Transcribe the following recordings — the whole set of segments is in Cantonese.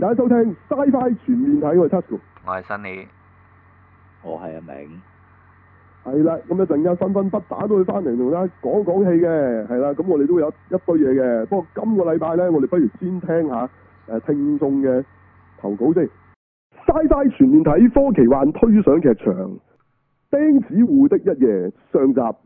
Ny, 大家收聽《Sci-Fi 全面睇》，我係 Tasuku，我係 Sunny，我係阿明，係啦，咁一陣間紛紛不打都會翻嚟同大家講講戲嘅，係啦，咁我哋都會有一堆嘢嘅。不過今個禮拜呢，我哋不如先聽下誒聽眾嘅投稿先，《Sci-Fi 樂全面睇》科奇幻推想劇場，《釘子戶的一夜》上集。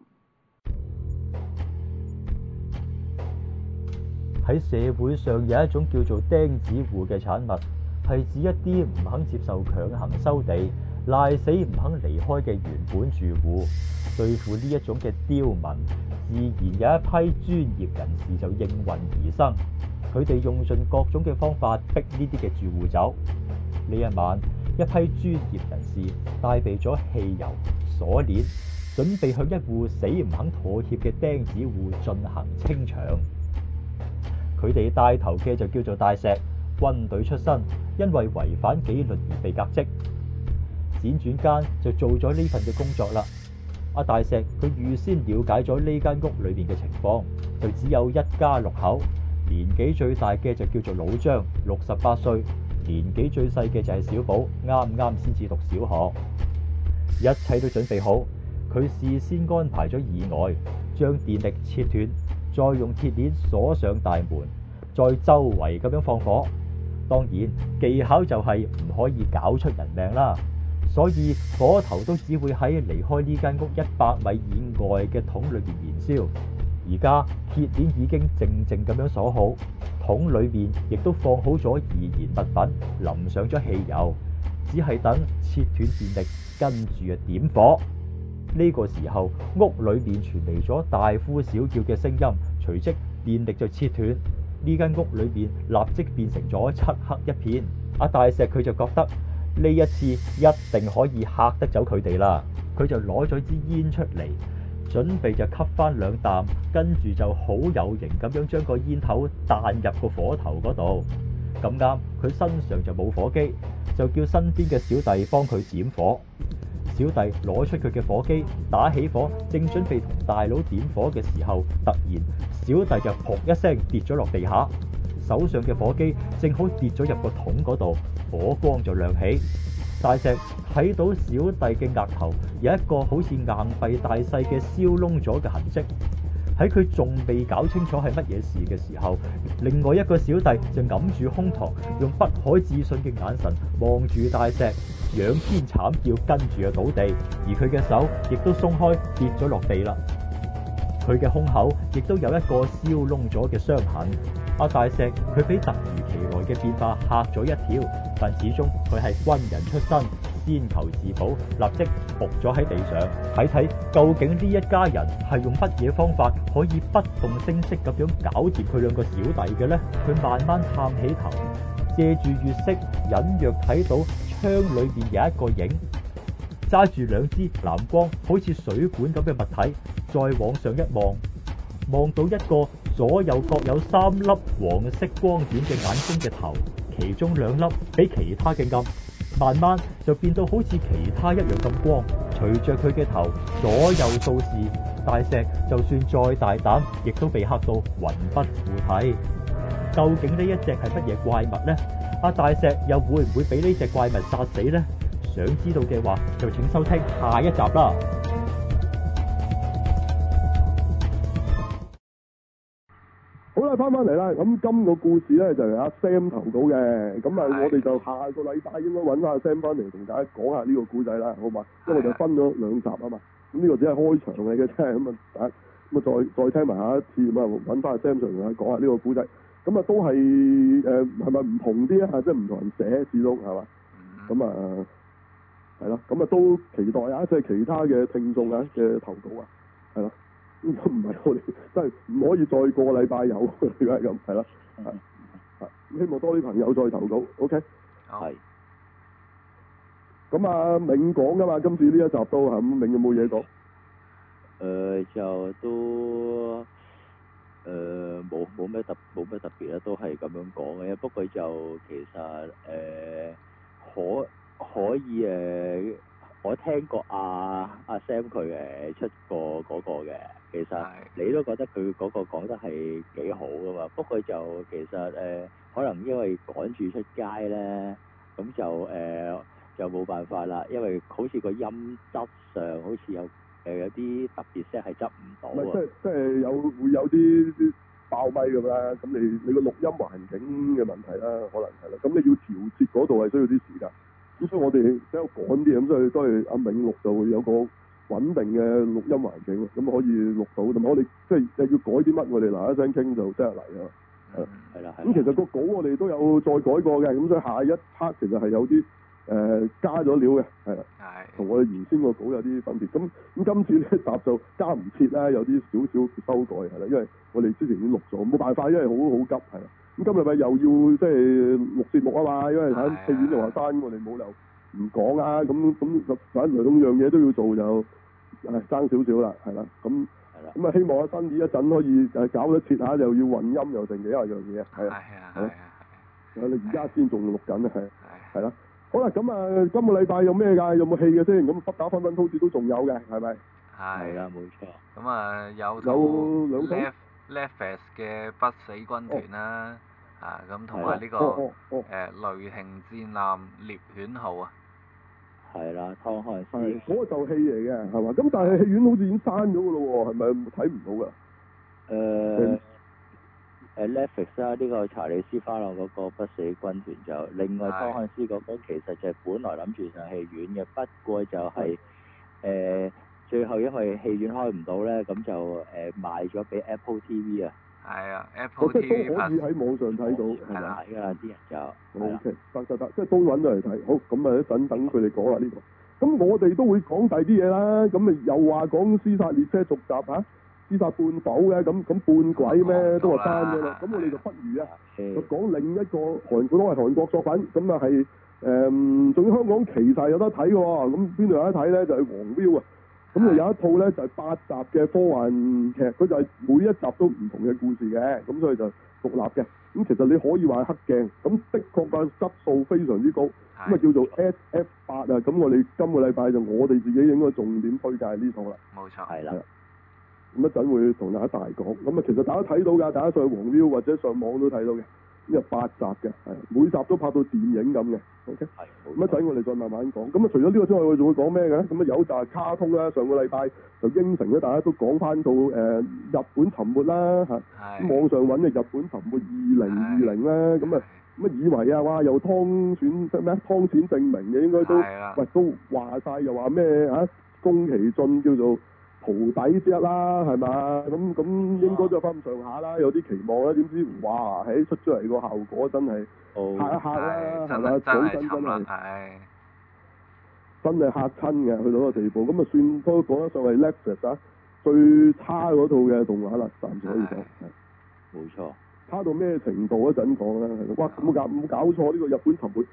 喺社會上有一種叫做釘子戶嘅產物，係指一啲唔肯接受強行收地、賴死唔肯離開嘅原本住戶。對付呢一種嘅刁民，自然有一批專業人士就應運而生。佢哋用盡各種嘅方法逼呢啲嘅住戶走。呢一晚，一批專業人士帶備咗汽油、鎖鏈，準備向一戶死唔肯妥協嘅釘子戶進行清場。佢哋帶頭嘅就叫做大石，軍隊出身，因為違反紀律而被革職。輾轉間就做咗呢份嘅工作啦。阿大石佢預先了解咗呢間屋裏邊嘅情況，就只有一家六口，年紀最大嘅就叫做老張，六十八歲；年紀最細嘅就係小寶，啱啱先至讀小學。一切都準備好，佢事先安排咗意外，將電力切斷。再用鐵鏈鎖上大門，再周圍咁樣放火，當然技巧就係唔可以搞出人命啦。所以火頭都只會喺離開呢間屋一百米以外嘅桶裏邊燃燒。而家鐵鏈已經靜靜咁樣鎖好，桶裏面亦都放好咗易燃物品，淋上咗汽油，只係等切斷電力，跟住啊點火。呢個時候，屋裏邊傳嚟咗大呼小叫嘅聲音，隨即電力就切斷，呢間屋裏邊立即變成咗漆黑一片。阿大石佢就覺得呢一次一定可以嚇得走佢哋啦，佢就攞咗支煙出嚟，準備就吸返兩啖，跟住就好有型咁樣將個煙頭彈入個火頭嗰度。咁啱，佢身上就冇火機，就叫身邊嘅小弟幫佢點火。小弟攞出佢嘅火機打起火，正準備同大佬點火嘅時候，突然小弟就撲一聲跌咗落地下，手上嘅火機正好跌咗入個桶嗰度，火光就亮起。大石睇到小弟嘅額頭有一個好似硬幣大細嘅燒窿咗嘅痕跡，喺佢仲未搞清楚係乜嘢事嘅時候，另外一個小弟就揞住胸膛，用不可置信嘅眼神望住大石。仰天慘叫，跟住就倒地，而佢嘅手亦都鬆開，跌咗落地啦。佢嘅胸口亦都有一個燒窿咗嘅傷痕。阿大石佢俾突如其來嘅變化吓咗一跳，但始終佢係軍人出身，先求自保，立即伏咗喺地上。睇睇究竟呢一家人係用乜嘢方法可以不動聲色咁樣搞掂佢兩個小弟嘅咧。佢慢慢探起頭，借住月色隱約睇到。窗裏邊有一個影，揸住兩支藍光，好似水管咁嘅物體，再往上一望，望到一個左右各有三粒黃色光點嘅眼睛嘅頭，其中兩粒比其他嘅暗，慢慢就變到好似其他一樣咁光。隨着佢嘅頭左右掃視，大石就算再大膽，亦都被嚇到魂不附體。究竟呢一隻係乜嘢怪物呢？大石又會唔會俾呢隻怪物殺死咧？想知道嘅話，就請收聽下一集啦。好啦，翻翻嚟啦。咁、這、今個故事咧就係阿 Sam 投稿嘅。咁啊的，我哋就下個禮拜應該揾下 Sam 翻嚟同大家講下呢個故仔啦，好嘛？因為就分咗兩集啊嘛。咁呢的個只係開場嚟嘅啫。咁啊，咁啊，再再聽埋下一次，咁啊，揾翻阿 Sam 上嚟講下呢個故仔。咁啊、嗯，都係誒，係咪唔同啲啊？即係唔同人寫，始終係嘛？咁啊，係咯、嗯。咁啊、嗯嗯嗯嗯，都期待啊！即係其他嘅聽眾啊嘅投稿啊，係咯。唔唔係我哋，即係唔可以再過禮拜有，如果係咁，係啦，係。啊，希望多啲朋友再投稿，OK 是。係、嗯。咁、嗯、啊，銘講噶嘛？今次呢一集都係咁，銘有冇嘢講？誒、呃，就都。誒冇冇咩特冇咩特別啦，都係咁樣講嘅。不過就其實誒可、呃、可以誒的、呃，我聽過阿、啊、阿、啊、Sam 佢誒出過嗰個嘅，其實你都覺得佢嗰個講得係幾好㗎嘛。不過就其實誒、呃，可能因為趕住出街咧，咁就誒、呃、就冇辦法啦，因為好似個音質上好似有。誒有啲特別聲係執唔到，唔係，即係即係有，會有啲啲爆咪咁啦，咁你你個錄音環境嘅問題啦，可能係啦。咁你要調節嗰度係需要啲時間的。咁所以我哋比較趕啲，咁所以都係阿銘錄就會有個穩定嘅錄音環境，咁可以錄到。同埋我哋即係要改啲乜，我哋嗱一聲傾就即刻嚟啊！係啦係啦。咁的其實個稿我哋都有再改過嘅，咁所以下一 part 其實係有啲。誒加咗料嘅，係啦，同我哋原先個稿有啲分別。咁咁今次呢集就加唔切啦，有啲少少修改係啦，因為我哋之前已經錄咗，冇辦法，因為好好急係啦。咁今日咪又要即係錄節目啊嘛，因為喺戲院就話刪我哋冇理由唔講啦。咁咁反來咁樣嘢都要做就係爭少少啦，係啦。咁咁啊，希望阿新呢一陣可以誒搞得切下，又要混音又剩幾啊樣嘢，係啊，係你而家先仲錄緊啊，係係啦。好啦，咁啊，今個禮拜有咩噶？有冇戲嘅先？咁《不打分分，分》好似都仲有嘅，係咪？係啊，冇錯。咁啊，有 ef, 有兩套。Netflix 嘅《不死軍團》啦、哦，啊，咁同埋呢個誒《雷霆戰艦獵犬號》啊。係啦，湯漢斯。嗰個就戲嚟嘅，係嘛？咁但係戲院好似已經閂咗噶咯喎，係咪睇唔到噶？誒、呃。誒 Netflix 啊，呢個查理斯花浪嗰個不死軍團，就另外湯漢斯嗰個其實就係本來諗住上戲院嘅，不過就係誒最後因為戲院開唔到咧，咁就誒賣咗俾 Apple TV 啊。係啊，Apple TV 可以喺網上睇到。係啊，啲人就 O K，得就得，即係都揾到嚟睇。好，咁啊，等等佢哋講啦呢個。咁我哋都會講第啲嘢啦。咁咪又話講《屍殺列車》續集啊。司法半島嘅咁咁半鬼咩都話刪咗啦，咁我哋就不如啊，就講另一個韓國都係韓國作品，咁啊係仲有香港其實有得睇喎，咁邊度有得睇呢？就係、是、黃 Viu 啊，咁就有一套呢，就係、是、八集嘅科幻劇，佢就係每一集都唔同嘅故事嘅，咁所以就獨立嘅。咁其實你可以話係黑鏡，咁的確個質素非常之高，咁啊叫做 SF8 啊，咁我哋今個禮拜就我哋自己應該重點推介呢套啦，冇錯，係啦。一陣會同大家大講？咁啊，其實大家睇到㗎，大家上黃 Viu 或者上網都睇到嘅。呢啊，八集嘅，係每集都拍到電影咁嘅。O K，係一陣我哋再慢慢講。咁啊，除咗呢個之外，我仲會講咩嘅？咁啊，有就係卡通啦。上個禮拜就應承咗大家都講翻到誒日本沉沒啦嚇。係的。網上揾嘅日本沉沒二零二零啦，咁啊乜以為啊哇又湯淺咩咧？湯淺政明嘅應該都的喂，都話晒，又話咩嚇？宮崎駿叫做。塗底啲啦，係嘛？咁咁應該都係翻咁上下啦，啊、有啲期望啦，點知哇，喺、欸、出出嚟個效果真係、哦、嚇一嚇，一嚇啦，係嘛、哎？講真吧真係的真係、哎、嚇親嘅，去到個地步咁啊，就算都講得 e 為叻嘅啦，最差嗰套嘅動畫啦，暫時可以講。冇、哎、是錯，差到咩程度一陣講啦。哇！咁夾冇搞錯呢、這個日本沉沒《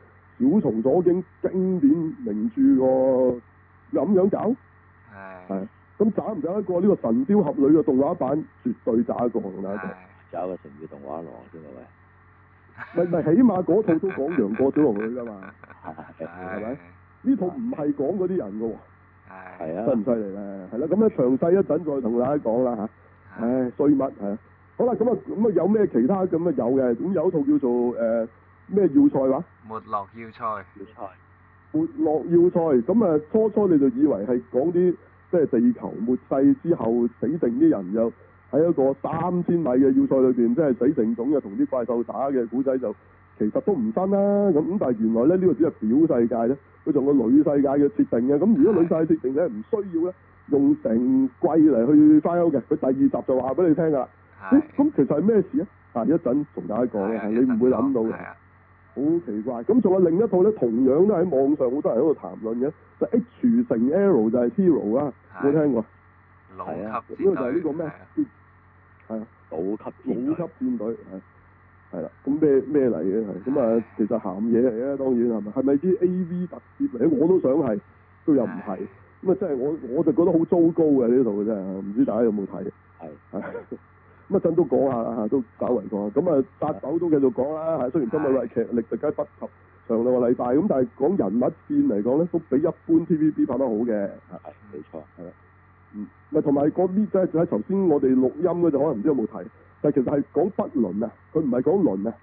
小松左京》經典名著喎，咁樣走係。哎咁打唔打得過呢個神雕俠侶嘅動畫版？絕對打一個紅眼度，打一個成語動畫來添啊喂！咪咪起碼嗰套都講楊過小龍女噶嘛，係咪？呢套唔係講嗰啲人嘅喎，係啊，犀唔犀利咧？係啦，咁咧詳細一陣再同大家講啦吓，唉，衰物係啊！好啦，咁啊咁啊，有咩其他咁啊有嘅？咁有一套叫做誒咩要塞話？沒落要塞，要塞，沒落要塞。咁啊，初初你就以為係講啲。即係地球末世之後死定啲人，又喺一個三千米嘅要塞裏邊，即係死定種嘅同啲怪獸打嘅古仔，就其實都唔新啦。咁咁，但係原來咧呢、呢個只係表世界咧，佢仲個裏世界嘅設定嘅。咁如果裏世界的設定咧唔的需要咧，用成季嚟去 fight 嘅，佢第二集就話俾你聽噶啦。咁的、欸、其實係咩事啊？啊，一陣同大家講，的你唔會諗到好奇怪，咁仲有另一套咧，同樣都喺網上好多人喺度談論嘅，就 H 乘 L 就係 Hero 啦，有冇聽過？弩級戰隊，就係呢個咩？係啊，弩級弩級戰隊係係啦，咁咩咩嚟嘅係，咁啊，其實鹹嘢嚟嘅，當然係咪？係咪啲 AV 特輯嚟？我都想係，都又唔係，咁啊，即係我我就覺得好糟糕嘅呢度真係，唔知大家有冇睇？係。乜陣都講下啦，都稍為講。咁啊，殺手都繼續講啦。嚇，是的 雖然今日劇力特級不及上兩個禮拜，咁是的 但係講人物線嚟講咧，都比一般 TVB 拍得好嘅。係，冇錯。係咯、嗯。嗯。咪同埋個咩咧？就頭先我哋錄音嗰陣，可能唔知有冇睇。但係其實係講不倫啊，佢唔係講倫啊。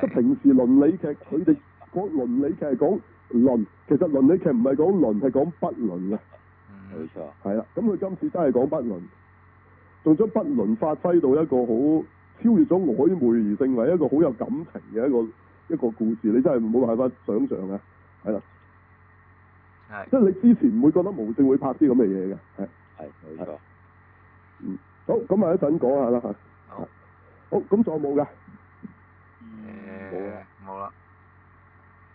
即係是的 平時倫理劇，佢哋講倫理劇係講倫。其實倫理劇唔係講倫，係講不倫啊。冇錯、嗯。係啦，咁佢今次真係講不倫。仲將不倫發揮到一個好超越咗曖昧，而成為一個好有感情嘅一個一個故事。你真係冇辦法想象啊！係啦，係的，即係你之前唔會覺得無綫會拍啲咁嘅嘢嘅，係係係嗯，好，咁啊一陣講下啦，係，好，咁仲有冇嘅？冇冇啦，了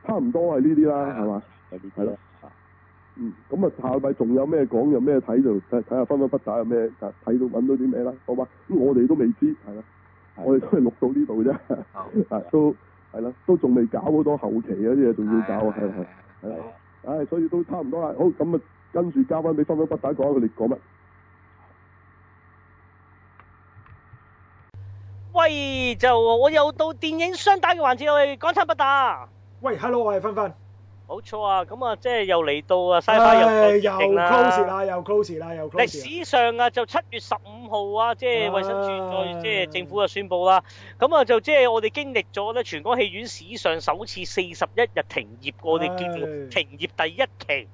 差唔多係呢啲啦，係嘛的，係咯的。嗯，咁啊下個禮拜仲有咩講，有咩睇就睇睇下分分不打有咩睇到揾到啲咩啦，好嘛？咁我哋都未知，係啦，我哋都係錄到呢度啫，都係啦，都仲未搞好多後期嗰啲嘢，仲要搞係係係，唉，所以都差唔多啦。好，咁啊跟住交翻俾分分不打講，一個列講乜？喂，就我又到電影雙打嘅環節，我哋講親不打。喂，Hello，我係分分。冇錯啊！咁啊，即係又嚟到啊，Sci-Fi 入冬型啦，又 close 啦，又 close 啦，又 close 啦。歷史上啊，就七月十五號啊，即係衞生署再即係政府啊，宣佈啦。咁啊，就即係我哋經歷咗咧，全港戲院史上首次四十一日停業，我哋叫做停業第一期。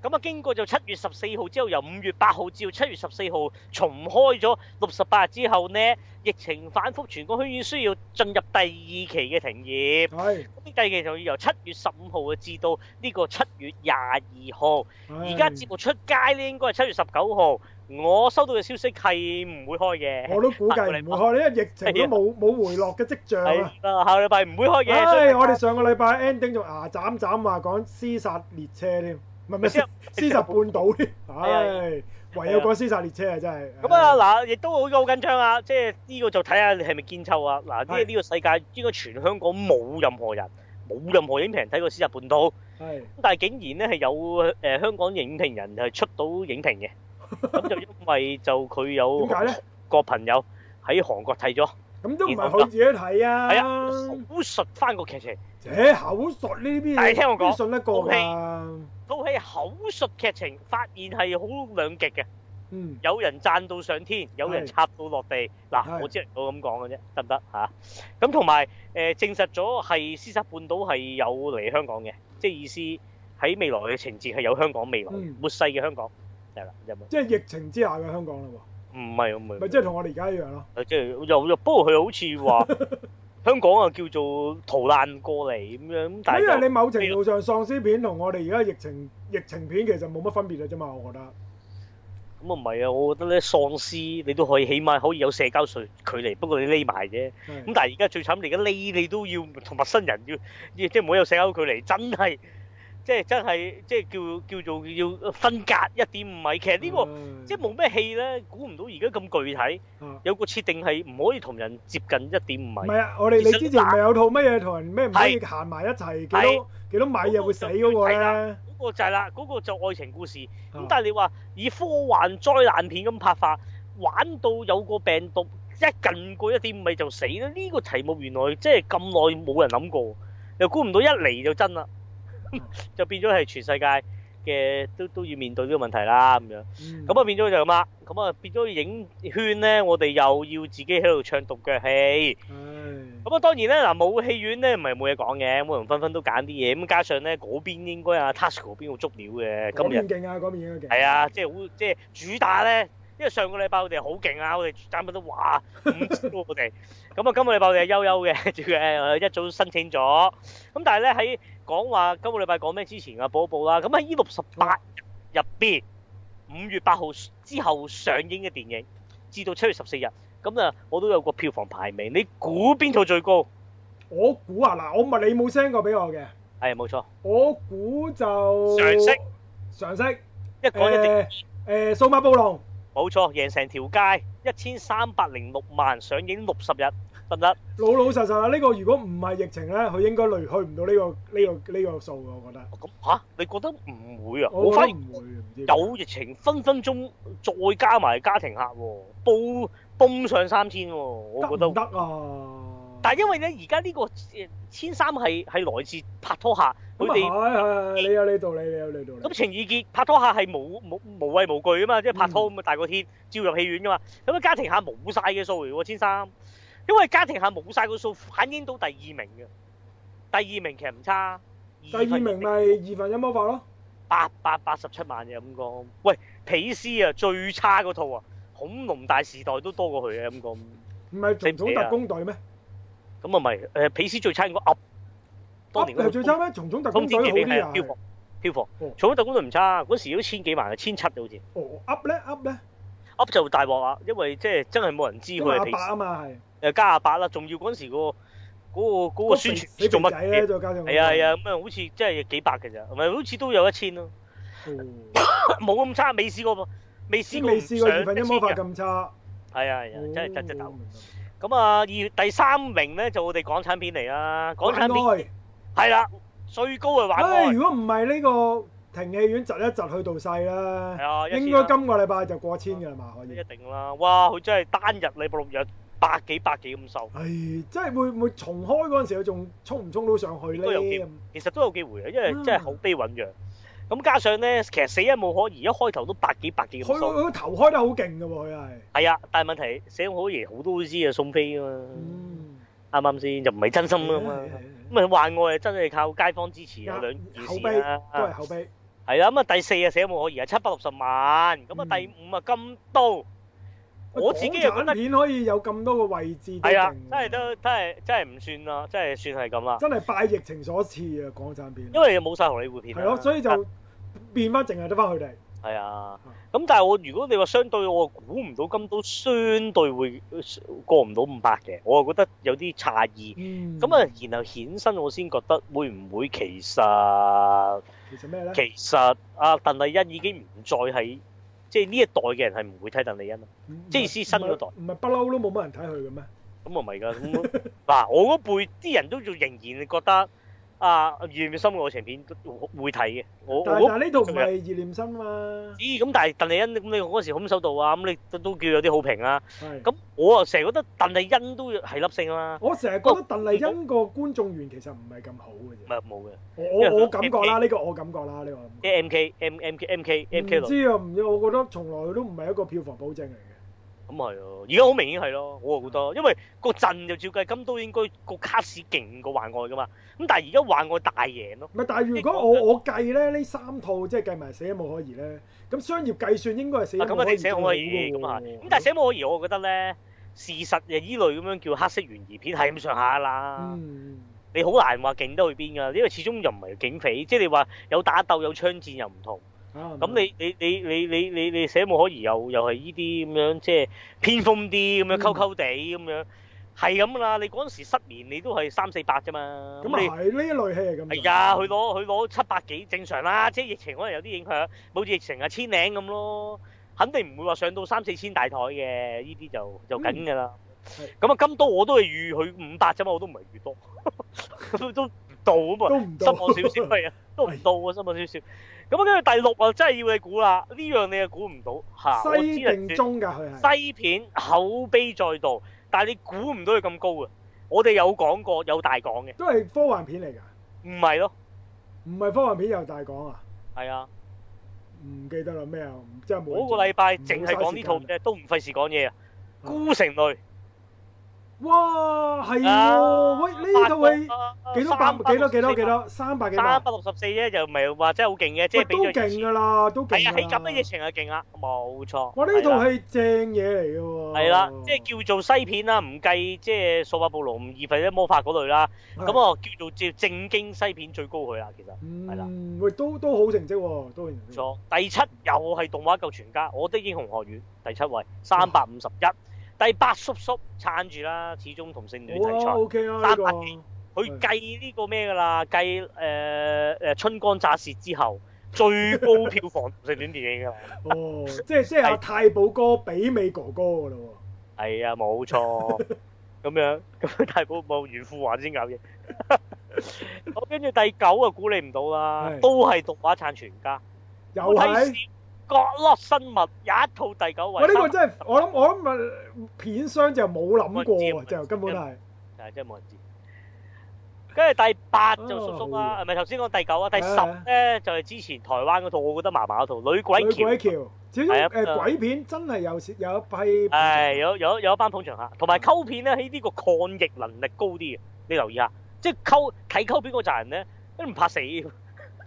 咁啊，經過就七月十四號之後，由五月八號至到七月十四號重開咗六十八日之後咧。疫情反覆，全港戲院需要進入第二期嘅停業。係咁，第二期就要由七月十五號啊，至到呢個七月廿二號。而家節目出街咧，應該係七月十九號。我收到嘅消息係唔會開嘅。我都估計你唔開，因為疫情都冇冇回落嘅跡象啊。下個禮拜唔會開嘅。所以，我哋上個禮拜 ending 仲牙斬斬啊，講屍殺列車添，唔係唔係屍殺半島添，唉。唯有講《屍殺列車》啊，真係咁啊！嗱，亦都好好緊張啊！即係呢、這個就睇下你係咪見抽啊！嗱、啊，呢是個世界應該全香港冇任何人冇任何影評人睇過私本土《屍殺半島》，但係竟然咧係有、呃、香港影評人係出到影評嘅，咁 就因為就佢有個朋友喺韓國睇咗。咁都唔係好自己睇啊！口、啊、述翻個劇情，誒口述呢啲嘢，你聽我講，信得過嘛？都係口述劇情，發現係好兩極嘅。嗯。有人讚到上天，有人插到落地。嗱的，我只係我咁講嘅啫，得唔得嚇？咁同埋誒，證實咗係屍殺半島係有嚟香港嘅，即係意思喺未來嘅情節係有香港未來末、嗯、世嘅香港，係啦，有冇？即係疫情之下嘅香港啦喎。唔係唔係，即係同我哋而家一樣咯，啊。即係又不過佢好似話香港啊，叫做逃難過嚟咁樣咁， 但係因為你某程度上喪屍片同我哋而家疫情疫情片其實冇乜分別嘅啫嘛，我覺得咁啊。唔係啊，我覺得咧喪屍你都可以起碼可以有社交距距離，不過你匿埋啫。咁的但係而家最慘而家匿你都要同陌生人要即係唔好有社交距離，真係。即係真係，即係叫叫做要分隔一點五米。其實、呢個嗯、即呢個即係冇咩戲咧，估唔到而家咁具體。嗯、有個設定係唔可以同人接近一點五米。唔係啊，我哋你之前咪有套乜嘢同人咩唔可以行埋一齊？的幾多的幾多米嘢會死嗰個咧？嗰個就係啦，嗰、嗰個嗰個就愛情故事。咁、嗯、但係你話以科幻災難片咁拍法，玩到有個病毒一近過一點五米就死咧。呢、呢個題目原來即係咁耐冇人諗過，又估唔到一嚟就真啦。 就變咗係全世界嘅都都要面對呢個問題啦，咁、嗯、樣，咁啊變咗就咁啦，咁啊變咗影圈咧，我哋又要自己喺度唱獨腳戲，咁啊當然咧嗱，冇戲院咧唔係冇嘢講嘅，每人紛紛都揀啲嘢，咁加上咧嗰邊應該啊，Tasuku 邊好足料嘅，咁邊勁啊，邊嘢都勁，係啊，即係好即係主打咧。因為上個禮拜我哋好勁啊，我哋賺咗都話五千喎，我哋咁啊，今個禮拜我哋悠悠嘅，主要係一早申請咗。咁但係咧喺講話今個禮拜講咩之前啊，報一報啦。咁喺呢六十八入邊，五月八號之後上映嘅電影，至到七月十四日，咁啊，我都有個票房排名。你估邊套最高？我估啊嗱，我問你冇 send 過俾我嘅。係冇錯。我估就常識，常識一講一定誒數碼暴龍。冇錯，贏成條街一千三百零六萬，上映六十日得唔得？行行老老實實啦，呢個如果唔係疫情咧，佢應該累去唔到呢個呢個呢個數嘅，我覺得。咁嚇、啊？你覺得唔會啊？我，我反而有疫情分分鐘再加埋家庭客，爆崩上三千喎，我覺得。得唔得啊？但係因為咧，而家呢個千三係係來自拍拖客，佢哋麼們你有你道理，你有你道理。咁情意結拍拖客係冇冇無畏無懼啊嘛，即係拍拖咁啊大過天，嗯、照入戲院噶嘛。咁、那、啊、個、家庭下冇晒嘅數嚟喎，千三，因為家庭下冇晒個數反映到第二名嘅，第二名其實唔差。第二名咪二分一魔法咯，八百八十七萬嘅咁講。喂，皮斯啊，最差嗰套啊，恐龍大時代都多過佢嘅咁講。唔係總統特工隊咩？咁啊咪誒皮斯最差嗰個 Up，當年嗰個，通天記皮咪飄浮，飄浮，除咗特工隊唔差，嗰時都千幾萬啊，千七啊好似。哦 Up 咧 Up 咧，Up 就大鑊啊，因為即係真係冇人知佢嘅皮斯。廿啊嘛係，加廿八啦，仲要嗰時個嗰個宣傳，做乜嘢，係啊係啊，咁啊好似真係幾百嘅咋，唔係好似都有一千咯。冇咁差，未試過噃，未試未試過月份嘅咁差。係啊係啊，真係得得得！咁啊，二月第三名咧就我哋港產片嚟啦，港產片係啦愛，最高嘅話，誒、哎，如果唔係呢個停戲，院經窒一窒去到細啦。係啊，應該今個禮拜就過千嘅啦嘛，可以。一、啊、定啦！哇，佢真係單日禮拜六日百幾百幾咁收。唉、哎，真係會唔會重開嗰陣時，佢仲衝唔衝到上去咧？都有機會，其實都有機會嘅，因為真係口碑醞釀。嗯咁加上咧，其實死因無可疑，一開頭都百幾百幾咁收。佢佢頭開得好勁㗎喎，佢係。係啊，但係問題死因無可疑好多都知啊，送飛㗎嘛。啱啱先？就唔係真心㗎嘛。咁咪話我真係靠街坊支持，有兩件事都係口碑。係啦，咁啊第四啊死因無可疑啊七百六十萬，咁啊第五啊咁多。我自己又覺得。片可以有咁多個位置。係啊，真係都真係真係唔算啦，真係算係咁啦。真係拜疫情所賜啊！港產片。因為冇晒荷里活片。係咯，所以就。變翻淨係得翻佢哋，係啊。咁但係我如果你話相對，我估唔到咁都，相對會過唔到五百嘅，我就覺得有啲詫異。咁啊、嗯，然後衍生我先覺得會唔會其實其實咩咧？其實阿、啊、鄧麗欣已經唔再係即係呢一代嘅人係唔會睇鄧麗欣，啊。即係新嗰代。唔係不嬲都冇乜人睇佢嘅咩？咁啊唔係㗎，嗱我嗰輩啲人都仲仍然覺得。啊，葉念琛愛情片會睇嘅，我我但係呢度唔係葉念琛嘛。咦，咁但係鄧麗欣咁你嗰時《空手道》啊，咁你都都叫有啲好評啊。係。咁我啊成日覺得鄧麗欣都係粒星嘛。我成日覺得鄧麗欣個觀眾緣其實唔係咁好嘅啫。唔係冇嘅。我我感覺啦，呢個我感覺啦，呢個。M K M M K M K M K。唔知啊，唔知，我覺得從來都唔係一個票房保證嚟。咁係咯，而家好明顯係咯，好過好多，因為個陣就照計，咁都應該個卡士勁過幻愛㗎嘛。咁但係而家幻愛大贏咯。唔係，但係如果我我計咧，呢三套即係計埋《死無可疑》咧，咁商業計算應該係《死無可疑》最好嘅喎。咁啊，咁但係《死無可疑》，我覺得咧事實係依類咁樣叫黑色懸疑片係咁上下啦。嗯。你好難話勁得去邊㗎？因為始終又唔係警匪，即係你話有打鬥有槍戰又唔同。咁、啊、你你你你你你你寫冇可疑又又係依啲咁樣，即係偏鋒啲咁樣，溝溝地咁樣，係咁啦。你嗰時失眠，你都係三四百啫嘛。咁、嗯、你係呢一類戲係咁。係呀，佢攞佢攞七百幾正常啦，即係疫情可能有啲影響，好似疫情啊千零咁咯，肯定唔會話上到三四千大台嘅，依啲就就緊㗎啦。咁啊、嗯、金刀我都係預佢五百啫嘛，我都唔係預多。 都都唔到咁啊，失望少少係啊，都唔到啊，失望少少。咁跟住第六啊，我真係要你估啦，呢樣你又估唔到吓。西定中，㗎係西片口碑再度，但係你估唔到佢咁高啊！我哋有講過有大講嘅。都係科幻片嚟㗎？唔係是咯，唔係科幻片有大講啊？係啊是的，唔記得啦咩啊？即係每個禮拜淨係講呢套都唔費事講嘢啊！孤、嗯、城淚。哇，係喎、啊！喂，呢套戲幾多、啊、百？幾多幾多幾多？三百幾萬？三百六十四啫，又唔係話真係好勁嘅，即係最勁噶啦，都勁，係啊！喺咁嘅疫情係勁啊，冇錯。哇，呢套戲正嘢嚟嘅喎。係啦，即係叫做西片啦，唔計即係數碼暴龍二或者魔法嗰類啦。咁我、啊、叫做叫正經西片最高佢啦，其實係啦，喂、嗯，啊、都都好成績喎、啊，當然冇錯。第七又係動畫夠全家，我的英雄學院第七位，三百五十一。第八，叔叔撐住啦，始終同性戀比賽三百幾，佢計呢個咩噶啦？計誒誒春光乍泄之後最高票房同性戀電影噶 哦， 即係即係太保哥比美哥哥噶啦。係啊，冇錯。咁 樣咁太保冇袁富華先搞嘢。咁跟住第九啊，估你唔到啦，是都係動畫撐全家。又係是。角落生物有一套第九位，呢、哦這個真係我諗我諗，咪片商就冇諗過沒就根本係，係真冇人知。跟住第八就叔叔啦、啊，唔係、哦？頭先講第九啊，啊第十咧就係、是、之前台灣嗰套，我覺得麻麻嗰套女鬼橋，係啊，誒、呃、鬼片真係有有一批，係、呃、有有有一班捧場客，同埋溝片咧喺呢個抗疫能力高啲嘅，你留意下，即、就、係、是、溝睇溝片陣人咧，都唔怕死。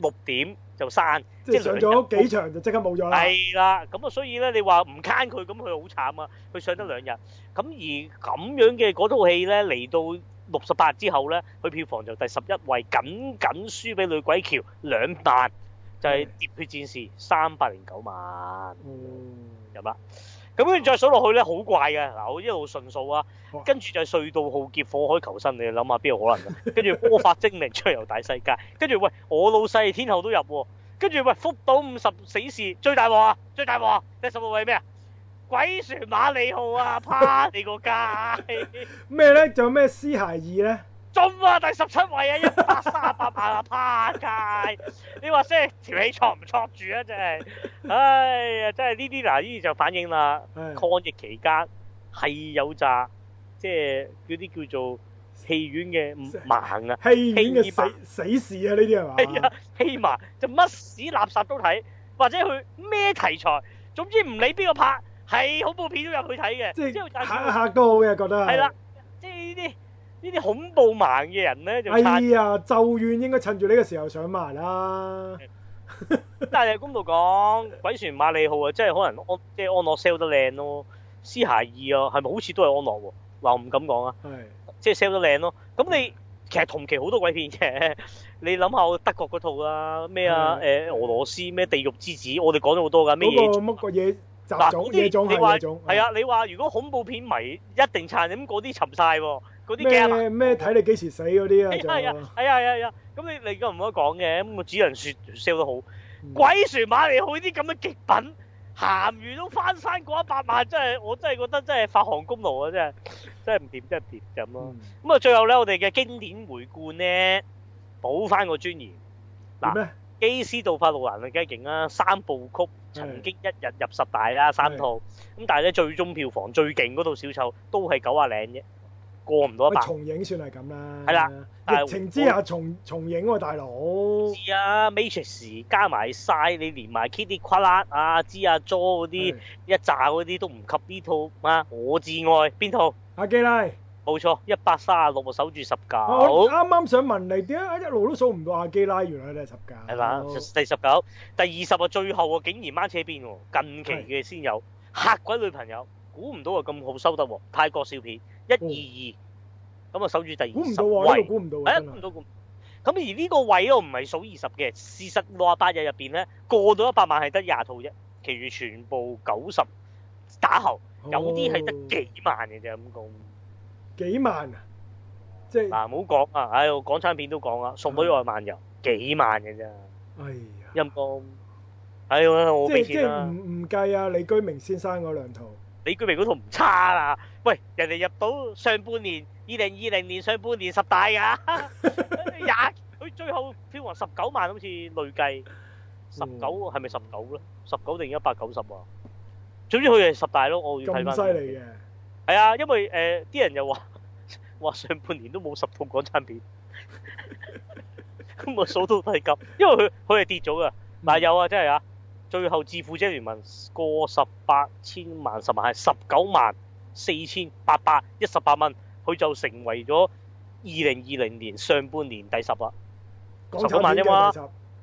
六點就散，即係上咗幾場就即刻冇咗啦。係啦，咁啊，所以咧，你話唔慳佢，咁佢好慘啊。佢上咗兩日，咁而咁樣嘅嗰套戲咧，嚟到六十八之後咧，佢票房就第十一位，僅僅輸俾女鬼橋兩萬，就係《喋血戰士》三百零九萬，咁啦。咁跟住再數落去咧，好怪嘅。嗱，我一路順數啊，哇跟住就係隧道浩劫火海求生，你諗下邊度可能？跟住魔法精靈出遊大世界， 跟住喂我老細天后都入喎、啊，跟住喂福島五十死士最大鑊，啊，最大鑊、啊。你第十六位咩啊？鬼船馬里號啊，趴 你個街！咩咧？仲有咩屍骸二咧？中啊！第十七位啊，一百三十八萬啊，仆 街！你話先，條氣挫唔挫住啊？真係，唉，呀，真係呢啲嗱，呢就反映啦，的抗疫期間係有扎即係嗰啲叫做戲院嘅盲啊，戲院嘅死死事啊！呢啲係嘛？係啊，戲盲就乜屎垃圾都睇，或者佢咩題材，總之唔理邊個拍，係恐怖片都入去睇嘅，嚇嚇是、就是、都好嘅、啊，覺得係啦，即係呢啲。呢啲恐怖盲嘅人咧就哎呀，咒怨應該趁住呢個時候上埋啦。但係公道度講《鬼船馬利號》啊，即係可能安即係安樂 sell 得靚咯，《屍骸二》啊，係咪好似都係安樂喎？嗱，我唔敢講啊。係。即係 sell 得靚咯。咁你其實同期好多鬼片嘅，你諗下我德國嗰套啦，咩啊的、呃？俄羅斯咩《地獄之子》？我哋講咗好多㗎，咩嘢？嗰乜個嘢雜種？種種你話係啊？你話如果恐怖片迷一定撐，咁嗰啲沉晒喎嗰啲驚啊，咩睇你幾時死嗰啲啊？係啊係啊係啊咁你你都唔好講嘅咁我只能說笑得好鬼船馬嚟去啲咁嘅極品鹹魚都翻山過一百萬，真係我真係覺得真係發行功勞啊！真係真係唔掂真係掂咁咯。咁啊，最後咧我哋嘅經典回顧呢，補翻個尊嚴嗱，基斯道法路蘭啊，梗係勁啦。三部曲曾經一日入十大啦，三套咁，的但係咧最終票房最勁嗰套小丑都係九啊零啫。過唔到一百重影算係咁啦，係啦，疫情之下重我重影喎、啊，大佬。知啊，Matrix 加埋晒，你連埋 Kitty Quat 啊、知，啊 Jo 嗰啲一紮嗰啲都唔及呢套嘛。我至愛邊套？阿基拉。冇錯，一百三啊六，我守住十九。我啱啱想問你點解一路都數唔到阿基拉，原來佢哋係十九，係嘛？第十九，第二十啊，最後竟然掹車邊喎？近期嘅先有嚇的鬼女朋友，估唔到啊咁好收得喎，泰國笑片。一二二，咁啊 1,、哦、守住第二十位估、啊。位置估唔到估唔到我估唔到咁，咁而呢個位我唔係數二十嘅。事實六啊八日入面咧，過到一百萬係得廿套啫，其餘全部九十打後，哦、有啲係得幾萬嘅啫。陰、那、公、個、幾萬啊？嗱、就是，唔好講啊！唉，講、哎、港產片都講啊，送到外漫又、嗯、幾萬嘅啫。陰公、哎呀，唉、哎、呀，我俾錢唔唔計啊李居明先生嗰兩套。李居明嗰套唔差啊！喂，人哋入到上半年二零二零年上半年十大噶廿佢最後票房十九萬，好似累計十九係咪十九咧？十九定一百九十啊？總之佢係十大咯。我要睇返，咁犀利嘅係啊，因為啲、呃、人又話話上半年都冇十套港產片咁啊，數到都係咁，因為佢佢係跌咗噶，唔、嗯、有啊，真係啊，最後《致富者聯盟》過十八千萬十萬係十九萬。四千八百一十八蚊，佢就成為咗二零二零年上半年第十啦，十九萬啫嘛。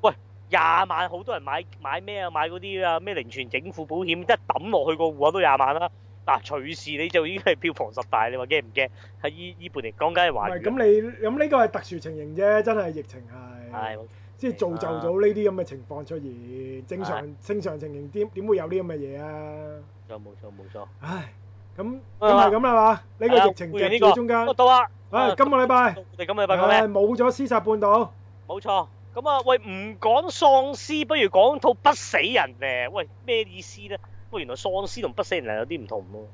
喂，廿萬好多人買買咩啊？買嗰啲啊咩零存整付保險，一抌落去個戶口都廿萬啦。嗱、啊，隨時你就已經係票房十大，你話驚唔驚？喺依依半年講緊係話。唔係咁你咁呢個係特殊情形啫，真係疫情係，哎、okay, 即係造就咗呢啲咁嘅情況出現，出以、哎、呀正常、哎、呀正常情形點點會有呢咁嘅嘢啊？冇錯冇錯，唉。咁咁係咁啦嘛，呢、啊、個疫情就喺中間、啊這個啊。到，到啊，唉，今個禮拜，我哋今個禮拜冇咗《屍殺、啊、半島》錯。冇錯、啊，咁啊喂，唔講喪屍，不如講套不死人咧。喂，咩意思咧？喂，原來喪屍同不死人有啲唔同咯。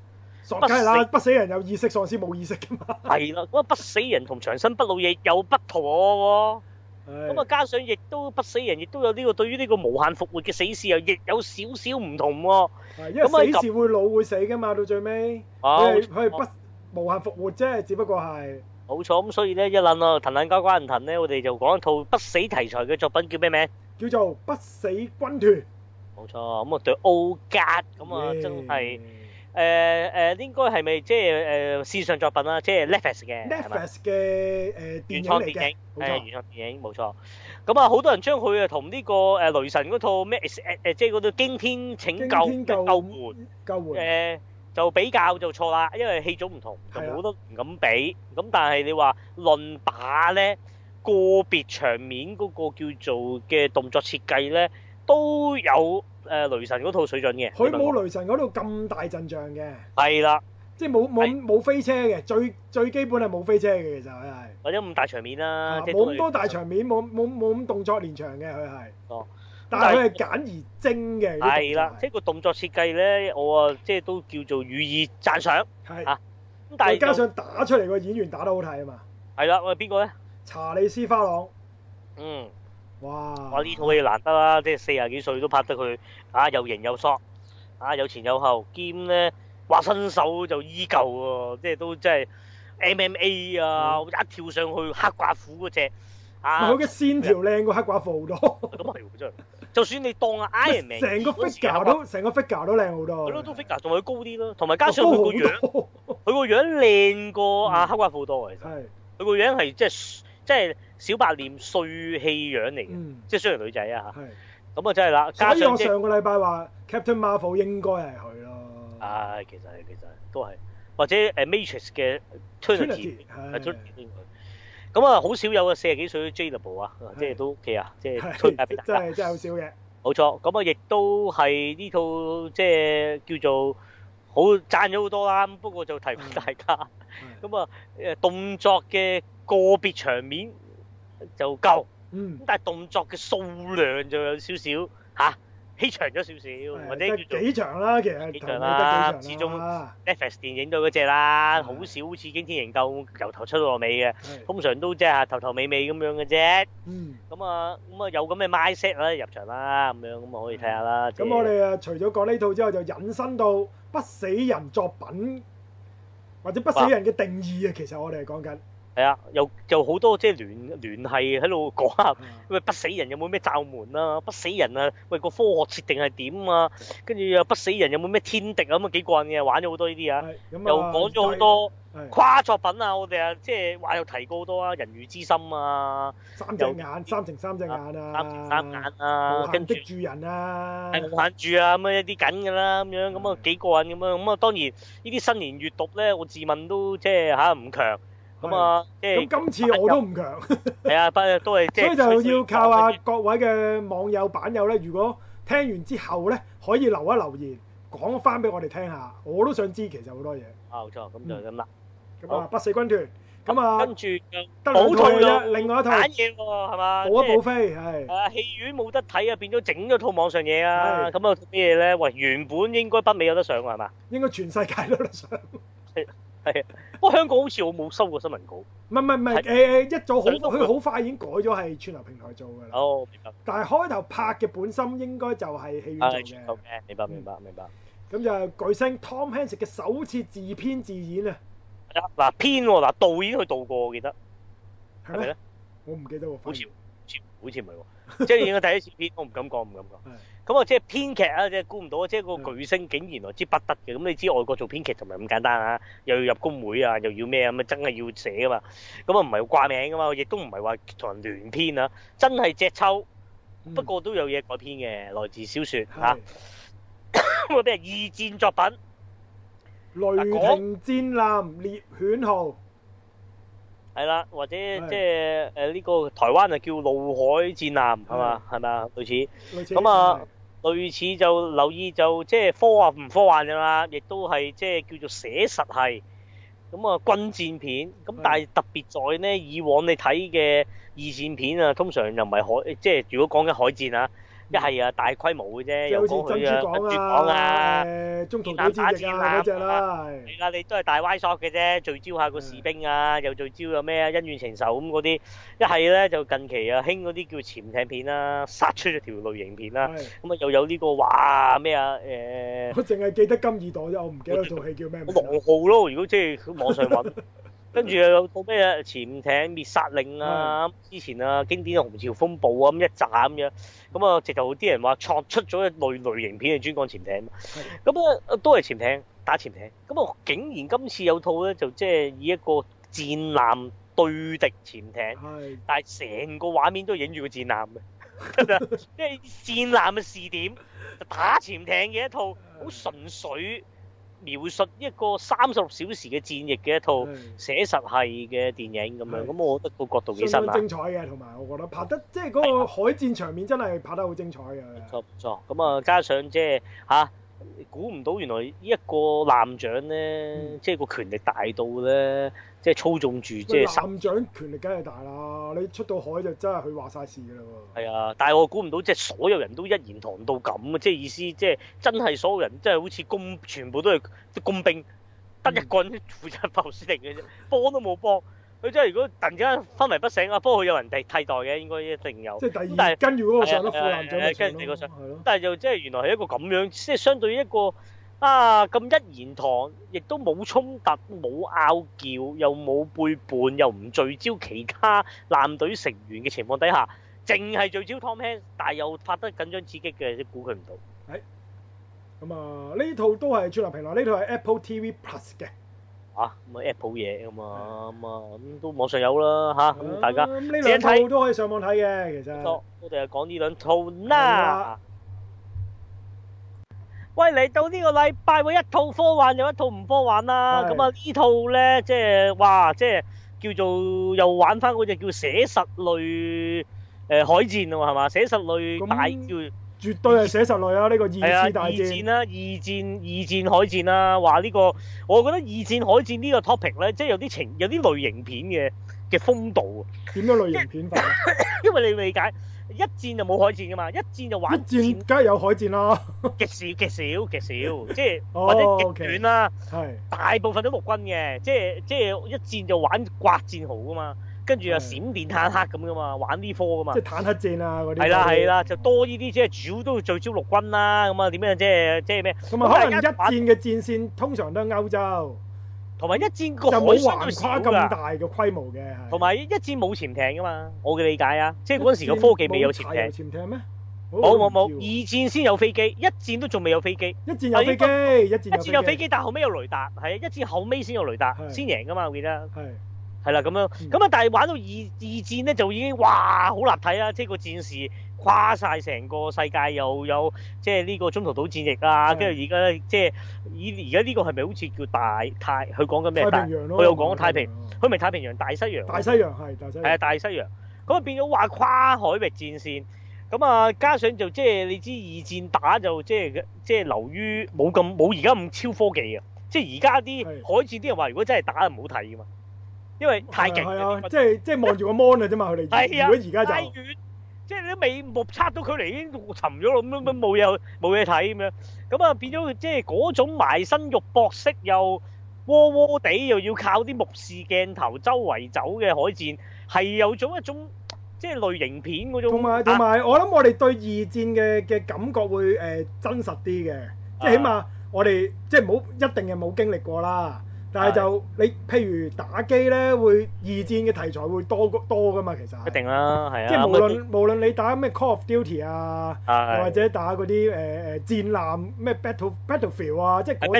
梗係啦，不死，不死人有意識，喪屍冇意識噶嘛。係啦、啊，咁不死人同長生不老嘢又不同喎、啊。咁啊，加上亦都不死人，亦都有呢個對於呢個無限復活嘅死侍，又亦有少少唔同喎。因為死侍會老會死嘅嘛，到最尾佢係不無限復活啫，只不過係冇錯。咁所以咧一諗啊，騰騰交關騰咧，我哋就講一套不死題材嘅作品叫咩名？叫做《不死軍團》。冇錯，咁啊對 Old Guard，咁啊真係。誒誒、呃，應該係咪即係誒視像作品啦？即、就、係、是、Net Netflix 嘅 n e 嘅誒原創電影，誒錯、呃、原創電影冇錯。咁啊，好多人將佢啊同呢個誒雷神嗰套咩誒、呃，即係嗰套驚天拯救嘅救，救援，救援誒就比較就錯啦，因為戲組唔同，冇得咁比。咁但係你話論把咧，個別場面嗰個叫做嘅動作設計咧都有。誒，雷神嗰套水準嘅，佢冇雷神嗰套咁大陣仗嘅，係啦，即係冇冇冇飛車嘅，最最基本係冇飛車嘅，其實係，或者咁大場面啦，冇咁多大場面，冇冇冇咁動作連場嘅，佢係，哦，但係佢係簡而精嘅，係啦，即係個動作設計咧，我啊即係都叫做予以讚賞，係吓，咁但係加上打出嚟個演員打得好睇啊嘛，係啦，喂，邊個咧？查理斯花朗，嗯。哇！哇！呢套戲難得啦，即係四廿幾歲都拍得佢啊，又型又索，啊有前有後，兼咧話，身手就依舊喎，即係都真係 MMA 啊，一跳上去黑寡婦嗰隻啊，佢嘅線條靚過黑寡婦好多，咁啊，真係。就算你當阿 Iron Man，成個 figure 都成個 figure 都靚好多。係咯，都 figure，仲會高啲咯，同埋加上佢個樣，佢個樣靚過阿黑寡婦多。其實係，佢個樣係即係即係。小白臉帥氣樣嚟嘅，即係雖然女仔啊嚇，咁啊真係啦。加上上個禮拜話 Captain Marvel 應該係佢咯。係，其實係其實都係，或者誒 Matrix 嘅 Trinity 咁啊好少有啊四十幾歲嘅 Jable 啊，即係都 OK 啊，即係推介俾大家，真係真係好少嘅。冇錯，咁啊亦都係呢套即係叫做好讚咗好多啦。不過就提翻大家，咁啊誒動作嘅個別場面。就夠，咁但係動作嘅數量就有少少嚇，起長咗少少，或者叫做幾長啦，其實幾長啦，始終 FX 電影都嗰隻啦，好少似《驚天營救》由頭出到落尾嘅，通常都即係嚇頭頭尾尾咁樣嘅啫。嗯，咁啊，咁啊有咁嘅 mindset 啦入場啦，咁樣咁啊可以睇下啦。咁我哋啊，除咗講呢套之後，就引申到不死人作品或者不死人嘅定義啊。其實我哋係講緊。係啊，又又好多即係聯聯係喺度講下，喂不死人有冇咩罩門啊？不死人啊，喂個科學設定係點啊？跟住又不死人有冇咩天敵啊？咁啊幾過癮嘅，玩咗好多呢啲啊，又講咗好多誇作品啊！我哋啊即係話又提過好多啊，《人魚之心》啊，三隻眼，三乘三隻眼啊，眼啊，跟住，住人啊，我眼住啊咁樣一啲緊㗎啦，咁樣咁啊幾過癮，咁啊咁啊當然呢啲新年閲讀咧，我自問都即係嚇唔強。咁啊，即係咁今次我都唔強。係啊，都都係，所以就要靠阿各位嘅網友版友咧。如果聽完之後咧，可以留一留言，講翻俾我哋聽下，我都想知其實好多嘢。冇錯，咁就咁啦。咁啊，不死軍團。咁啊，跟住好脆咯，另外一套嘢喎，係嘛？冇得補飛，係。啊，戲院冇得睇啊，變咗整咗套網上嘢啊。咁啊，咩嘢咧？喂，原本應該北美有得上嘅係嘛？應該全世界都有得上。係，不過香港好似我冇收過新聞稿，唔係唔係唔係，誒一早好，佢好快已經改咗係串流平台做噶啦。哦，明白。但係開頭拍嘅本身應該就係戲院做嘅。明白明白明白。咁就係巨星 Tom Hanks 嘅首次自編自演啊。嗱，編嗱導演佢導過，我記得係咪咧？我唔記得喎，好似好似好似唔係喎，即係應該第一次編，我唔敢講唔敢講。咁啊，即係編劇啊，即係估唔到即係個巨星竟然來之不得嘅。咁你知外國做編劇就唔係咁簡單啊，又要入工會啊，又要咩咁啊，真係要寫噶嘛。咁啊，唔係掛名噶嘛，亦都唔係話同人聯編啊，真係隻抽。不過都有嘢改編嘅，來自小說。吓，我畀你二戰作品，《雷霆戰艦》、《獵犬號》。係啦，或者即係呢個台灣啊叫《怒海戰艦》係嘛？係咪啊？類似咁啊。類似就留意就即係科，科幻唔科幻㗎啦，亦都係即係叫做寫實係咁啊軍戰片咁，但係特別在呢以往你睇嘅二戰片啊，通常又唔係海即係如果講緊海戰啊。一係啊，大規模嘅啫，有講佢啊，跟住講啊，誒，中箭打箭嗰隻啦，係啦，你都係大歪 shot 嘅啫，聚焦下個士兵啊，又聚焦有咩啊，恩怨情仇咁嗰啲，一係咧就近期啊，興嗰啲叫潛艇片啦，殺出咗條類型片啦，咁啊又有呢個哇咩啊誒，佢淨係記得金耳朵啫，我唔記得嗰套戲叫咩名，黃浩咯，如果即係網上揾。跟住又有套咩啊？潛艇滅殺令啊！嗯、之前啊，經典《紅潮風暴》啊，咁一集咁樣，咁是的 啊，直頭有啲人話創出咗類類型片嘅專講潛艇。咁啊，都係潛艇打潛艇。咁啊，竟然今次有套咧，就即係以一個戰艦對敵潛艇，是的 但係成個畫面都影住個戰艦嘅，即 係 戰艦嘅視點，打潛艇嘅一套好純粹。描述一個三十六小時嘅戰役嘅一套寫實系嘅電影咁樣，咁的我覺得個角度幾新啊！精彩嘅，同埋我覺得拍得即係嗰個海戰場面真係拍得好精彩嘅。唔錯唔錯，咁啊加上即係吓，估、啊、唔到原來呢一個艦長咧，即係、嗯、個權力大到咧。即係操縱住，即係艦長權力，梗係大啦！你出到海就真係佢話晒事嘅啦喎。係啊，但係我估唔到，即係所有人都一言堂到咁即係意思，即係真係所有人，即係好似工全部都係啲工兵，得一個人負責爆屍定嘅啫，幫都冇幫。佢真係如果突然間昏迷不醒啊，不過佢有人替替代嘅，應該一定有。即係第二，但係跟住嗰個上到、啊啊啊啊、副艦長嘅但係就即係原來係一個咁樣，即係相對於一個。啊咁一言堂，亦都冇衝突，冇拗撬，又冇背叛，又唔聚焦其他艦隊成員嘅情況底下，淨係聚焦 Tom Hanks，但又拍得緊張刺激嘅，都估佢唔到。咁、嗯、啊！呢套都係主流平台，呢套係 App、啊嗯、Apple TV Plus 嘅。咁啊 Apple 嘢嘛，咁的啊咁、嗯、都網上有啦吓，咁、啊嗯、大家試試。呢兩套都可以上網睇嘅，其實。我哋係講呢兩套啦。啊喂，嚟到呢個禮拜喎，會一套科幻又一套唔科幻啦。咁啊是，套呢套咧，即係哇，即係叫做又玩翻嗰隻叫寫實類、呃、海戰啊係嘛？寫實類、嗯、大叫絕對係寫實類啊！呢二個二次大戰啦、啊，二戰二戰海戰啦、啊。話呢、呢個我覺得二戰海戰呢個 topic 咧，即係有啲情有啲類型片嘅嘅風度啊。點樣類型片法？ 因為你理解。一戰就冇海戰噶嘛，一戰就玩。一戰梗係戰有海戰啦 極，極少極少極少，即係、oh, 或者極短啦、啊。係 okay. 大部分都陸軍嘅，即係即係一戰就玩刮戰壕噶嘛，跟住又閃電坦克咁噶嘛，玩呢科噶嘛。即係坦克戰啊嗰啲。係啦係啦，啦嗯、就多呢啲即係主要都聚焦陸軍啦、啊，咁啊點樣即係即係咩？咁啊可能一戰嘅戰線通常都係歐洲。同埋一戰就冇橫跨咁大嘅規模嘅，同埋一戰冇潛艇噶嘛，我嘅理解啊，即係嗰陣時個科技未有潛艇，潛艇咩？冇冇冇，二戰先有飛機，一戰都仲未有，有飛機，一戰有飛機，一戰有飛機，但係後尾有雷達，係啊，一戰後尾先有雷達，先贏噶嘛，我記得，係係啦咁樣，咁啊，但係玩到二二戰咧就已經哇好立體啦，即係個戰士。跨晒成個世界又有即係呢個中途島戰役啊，跟住而家咧即係而而家呢個係咪好似叫大太？佢講緊咩？太平洋佢又講太平洋，佢咪太，太平洋，大西洋。大西洋係大西洋。係啊，大西洋。咁啊變咗話跨海域戰線，咁啊加上就即係你知二戰打就即係即係流於冇咁冇而家咁超科技啊。即係而家啲海戰啲人話如果真係打唔好睇嘅嘛，因為太勁即係即係望住個 mon 啊啫嘛，佢哋 如果而家就。即係你都未目測到距離已經沉咗咁樣，咁冇嘢冇嘢睇咁樣，咁啊變咗即係嗰種埋身肉搏式又窩窩地又要靠啲目視鏡頭周圍走嘅海戰，係有種一種即係類型片嗰種。同埋同埋，啊、我諗我哋對二戰嘅嘅感覺會誒、呃、真實啲嘅，即係起碼我哋、啊、即係冇一定係冇經歷過啦。但係就你譬如打機咧，會二戰嘅題材會多多噶嘛？其實一定啦，係啊。啊即係無論麼無論你打咩 Call of Duty 啊，係啊係啊或者打嗰啲誒誒戰艦咩 Battle Battlefield 啊，即係嗰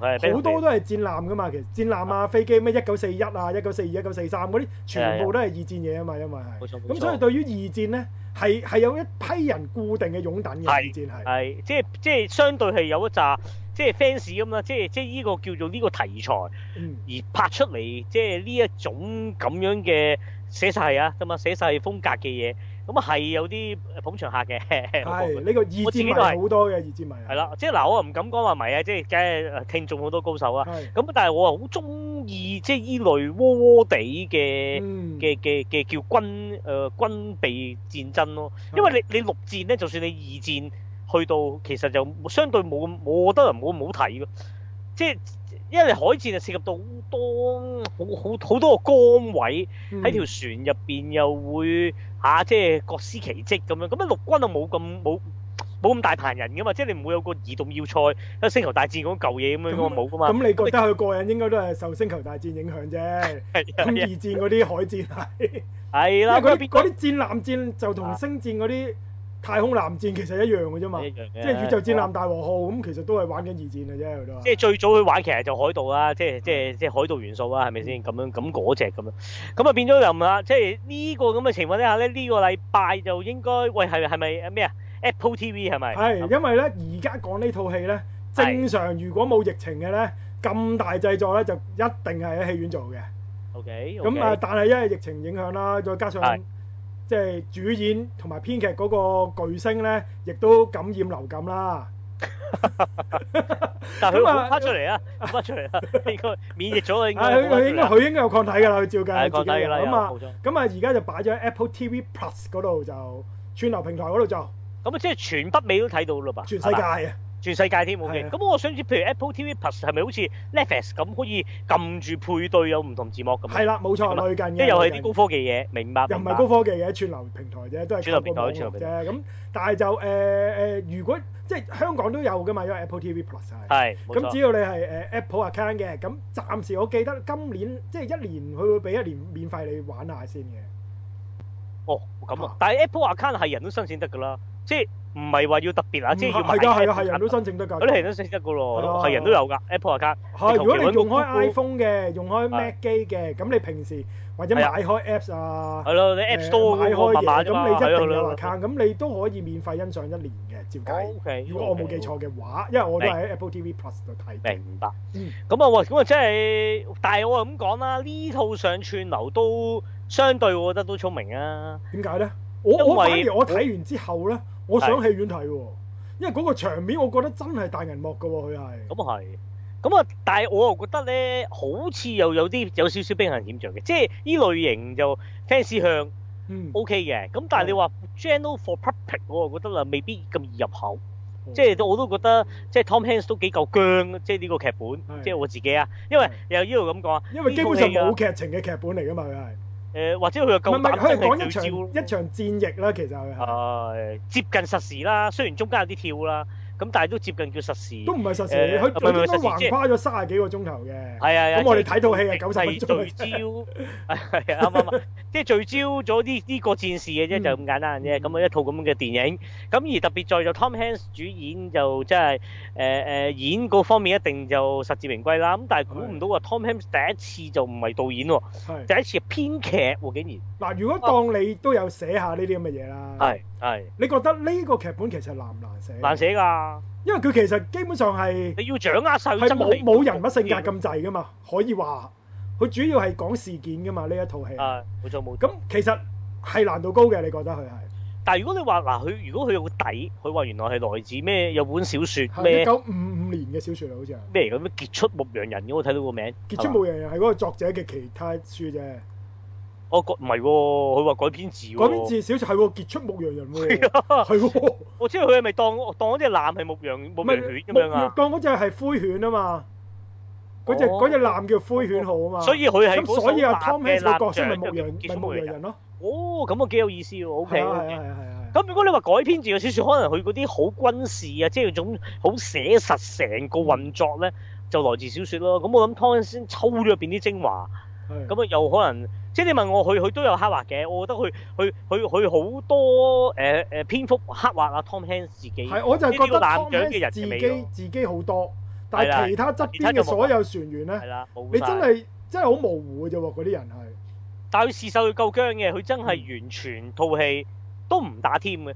啲好多都係戰艦噶嘛。其實戰艦啊，啊飛機咩一九四一啊，一九四二、一九四三嗰啲全部都係二戰嘢啊嘛，因為係。冇錯咁所以對於二戰咧，係係有一批人固定嘅擁躉嘅。二、啊啊、戰係是。係、啊、即係即係相對係有一紮。即係 fans 咁啦，即係即係呢個叫做呢個題材，嗯、而拍出嚟即係呢一種咁樣嘅寫晒啊，咁啊寫晒風格嘅嘢，咁啊係有啲捧場客嘅。係呢唉我個二戰都係好多嘅二戰迷、啊。係啦，即係嗱，我唔敢講話迷啊，即係梗係聽眾好多高手啊。咁是但係我啊好中意即係依類窩窩地嘅嘅嘅嘅叫軍誒、呃、軍備戰爭咯。因為你你陸戰咧，就算你二戰，去到其實就相對冇咁，我得人冇咁好睇咯。即係因為你海戰就涉及到多好好好多個崗位喺、嗯、條船入邊，又會嚇、啊、即係各司其職咁樣。咁啊陸軍就冇咁冇冇咁大羣人噶嘛。即係你唔會有個移動要塞，有星球大戰嗰嚿嘢咁樣冇噶、那個、嘛。咁你覺得佢過癮應該都係受星球大戰影響啫。咁的二戰啲海戰係係啦，嗰啲嗰啲戰艦戰就同星戰嗰啲。太空艦戰其實一樣嘅啫嘛，一樣即係宇宙戰艦大和號咁，嗯、其實都係玩緊二戰嘅啫，即係最早去玩其實就海盜啦，嗯、即係即係即係海盜元素啦，係咪先咁樣？咁嗰隻咁樣，咁、那、啊、個那個、變咗又問啦，即係呢個咁嘅情況之下咧，呢、呢個禮拜就應該喂係係咪咩啊？Apple TV 係咪？係因為咧，而家講呢套戲咧，正常如果冇疫情嘅咧，咁的大製作咧就一定係喺戲院做嘅。OK，咁 okay，啊，但係因為疫情影響啦，再加上。即係主演同埋編劇嗰個巨星咧，亦都感染流感啦。但佢話拍出嚟啦，拍出嚟啦，應該免疫咗啦，應該。佢佢應該佢應該有抗體㗎啦，佢照計。係抗體㗎啦。咁啊，咁啊，而家就擺咗喺 Apple TV Plus 嗰度就串流平台嗰度就。咁啊，即係全北美都睇到嘞吧？全世界啊！全世界添，冇記。咁的我想知，譬如 Apple TV Plus 係咪好似 Netflix 咁，可以撳住配對有唔同字幕咁？係啦，冇錯，最近即又係啲高科技嘢。明白。明白。又唔係高科技嘅串流平台啫，都係串流平台嚟嘅啫。咁，但係就誒誒，如果即係香港都有嘅嘛，因為 Apple TV Plus 係。係。咁只要你係誒 Apple Account 嘅，咁暫時我記得今年即係一年，佢會俾一年免費你玩下先嘅。哦，咁啊！但係 Apple Account 係人都申請得㗎啦，即係。唔係話要特別啊，即係係人都申請得㗎。嗰啲人都申請得㗎咯，係人都有㗎 Apple account。係，如果你用開 iPhone 嘅，用開 Mac 機嘅，咁你平時或者買開 Apps 啊，係咯，你 Apps 都開嘅，買開嘢咁你一定有 account，咁你都可以免費欣賞一年嘅，照計。O K，如果我冇記錯嘅話，因為我都喺 Apple TV Plus 度睇。明白。嗯。咁啊，喂，咁啊，即係，但係我咁講啦，呢套上串流都相對，我覺得都聰明啊。點解咧？我反而我睇完之後咧。我想戲院睇喎，因為嗰個場面我覺得真係大銀幕嘅喎、哦，佢係、嗯。咁啊係，咁啊，但係我又覺得咧，好似又有啲有少少兵行險象嘅，即係依類型就 fans 向，OK 嘅。咁、嗯 OK、但係你話、哦、general for public 我啊覺得啦，未必咁易入口。哦、即係我都覺得，哦、即係 Tom Hanks 都幾夠薑，即係呢個劇本，是的 即係我自己啊。因為是的 又依度咁講啊，因為基本上冇劇情嘅劇本嚟噶嘛，佢係。誒、呃、或者佢又夠膽，香係一場一場戰役啦，其實係接近實時啦，雖然中間有啲跳啦。咁但係都接近叫實時，都唔係實時，佢佢都橫跨咗三十幾個鐘頭嘅。係啊，咁我哋睇套戲係九十分鐘聚焦，係啊，唔唔即係聚焦咗呢呢個戰事嘅啫，就咁簡單啫。咁啊一套咁嘅電影，咁而特別在就 Tom Hanks 主演就真係誒誒演嗰方面一定就實至名歸啦。咁但係估唔到啊，Tom Hanks 第一次就唔係導演喎，第一次係編劇喎，竟然。嗱，如果當你都有寫下呢啲咁嘅嘢啦，係係，你覺得呢個劇本其實難唔難寫？難寫㗎。因為佢其實基本上係你要掌握晒，係冇冇人物性格咁滯噶嘛？可以話佢主要係講事件噶嘛？呢一套戲。冇錯冇咁，其實係難度高嘅。你覺得佢係？但係如果你話嗱，佢如果佢有個底，佢話原來係來自咩？有本小說咩？一九五五年嘅小說好似咩嚟嘅咩？傑出牧羊人咁，我睇到個名。傑出牧羊人係嗰嗎個作者嘅其他書啫。我覺唔係，佢話改編自改編自小說係《傑出牧羊人》係喎。我知佢係咪當當嗰隻艦係牧羊冇咩犬咁樣啊？當嗰隻係灰犬啊嘛，嗰隻隻艦叫灰犬號啊嘛。所以佢係嗰個男嘅男主角係牧羊人，牧羊，牧羊人咯。哦，咁啊幾有意思喎。O K，係係係。咁如果你話改編自個小説，可能佢嗰啲好軍事啊，即係種好寫實成個運作咧，就來自小説咯。咁我諗湯漢斯先抽咗入邊啲精華，咁啊是又可能。即係你問我佢佢都有刻畫嘅，我覺得佢佢佢佢好多誒誒篇幅刻畫啊 Tom Hanks 自己係我就覺得 Tom Hanks 自己自己好多，但係其他側邊嘅所有船員咧，你真係真係好模糊嘅啫喎，嗰啲人係。但係佢視手佢夠僵嘅，佢真係完全套戲都唔打添嘅，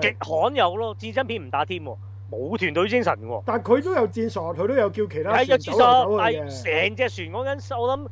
極罕有咯。戰爭片唔打添喎，冇團隊精神喎。但佢都有戰傻，佢都有叫其他船走係走成隻船嗰陣，我諗。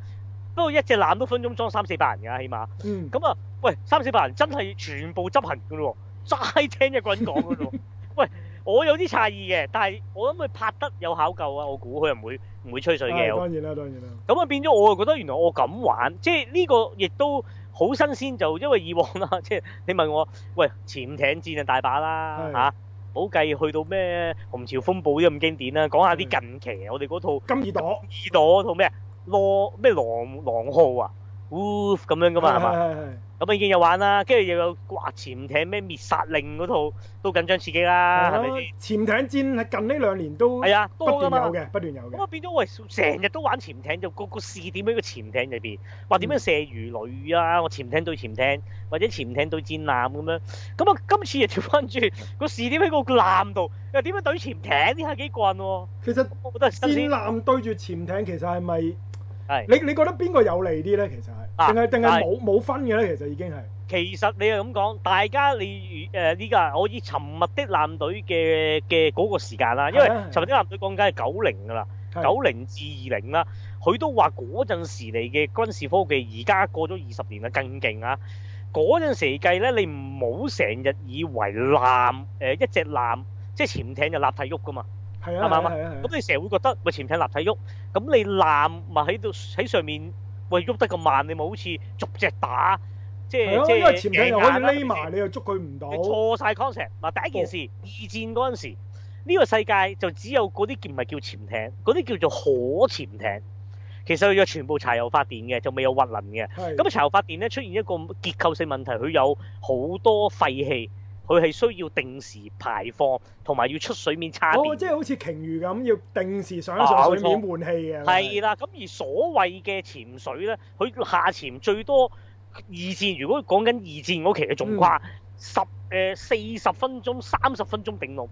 不過一隻艦都分鐘裝三四百人㗎，起碼。咁啊、嗯，喂，三四百人真係全部執行㗎咯，齋聽一個人講㗎咯。 喂，我有啲詫異嘅，但係我諗佢拍得有考究啊，我估佢唔會唔會吹水嘅、哎。當然啦，當然啦。咁啊變咗，我又覺得原來我咁玩，即係呢個亦都好新鮮，就因為以往啦，即係你問我，喂，潛艇戰的啊大把啦嚇，冇計去到咩《紅潮風暴》都咁經典啦，講下啲近期啊，的我哋嗰套金耳朵、耳朵套咩羅咩狼狼號啊，咁樣噶嘛係嘛？咁啊，已經有玩啦，跟住又有掛潛艇咩滅殺令嗰套都緊張刺激啦、啊，係、啊、潛艇戰係近呢兩年都係啊，都不斷有嘅，不斷有嘅。咁啊變咗，喂，成日都玩潛艇就、那個個視點喺個潛艇裏邊，話點樣射魚雷啊？嗯、我潛艇對潛艇，或者潛艇對戰艦咁樣，咁啊今次又調翻轉個視點喺個艦度，又點樣對潛艇？呢下幾戱喎？其實戰艦對住潛艇，其實係咪？係是你你覺得邊個有利啲咧？其實係啊，定係定係冇冇分嘅咧？其實已經係。其實你又咁講，大家你如誒呢個我以沉默的艦隊嘅嘅嗰個時間啦，因為沉默的艦隊講緊係九零噶啦，九零的至二零啦，佢是的 都話嗰陣時嚟嘅軍事科技而家過咗二十年啦，更勁啊！嗰陣時計咧，你唔好成日以為艦誒、呃、一隻艦即係潛艇就立體喐噶嘛。係啊，係吧啊，係啊。咁、啊啊、你成日會覺得喂潛艇立體喐，咁你艦咪喺度喺上面喂喐得咁慢，你咪好似逐隻打，即係、啊、即係是。因為潛艇可以匿埋，係咪你又捉佢唔到。你錯晒 concept。嗱，第一件事，過二戰嗰陣時，呢、呢個世界就只有嗰啲唔係叫潛艇，嗰啲叫做可潛艇。其實佢全部柴油發電嘅，就未有核能嘅。咁啊是柴油發電咧，出現一個結構性問題，佢有好多廢氣。佢係需要定時排放，同埋要出水面差別。哦、即係好似鯨魚咁，要定時上一上水面換氣嘅。係啦、哦，咁而所謂嘅潛水咧，佢下潛最多二戰，如果講緊二戰嗰期，嘅仲話十誒四十分鐘、三十分鐘頂籠。哦、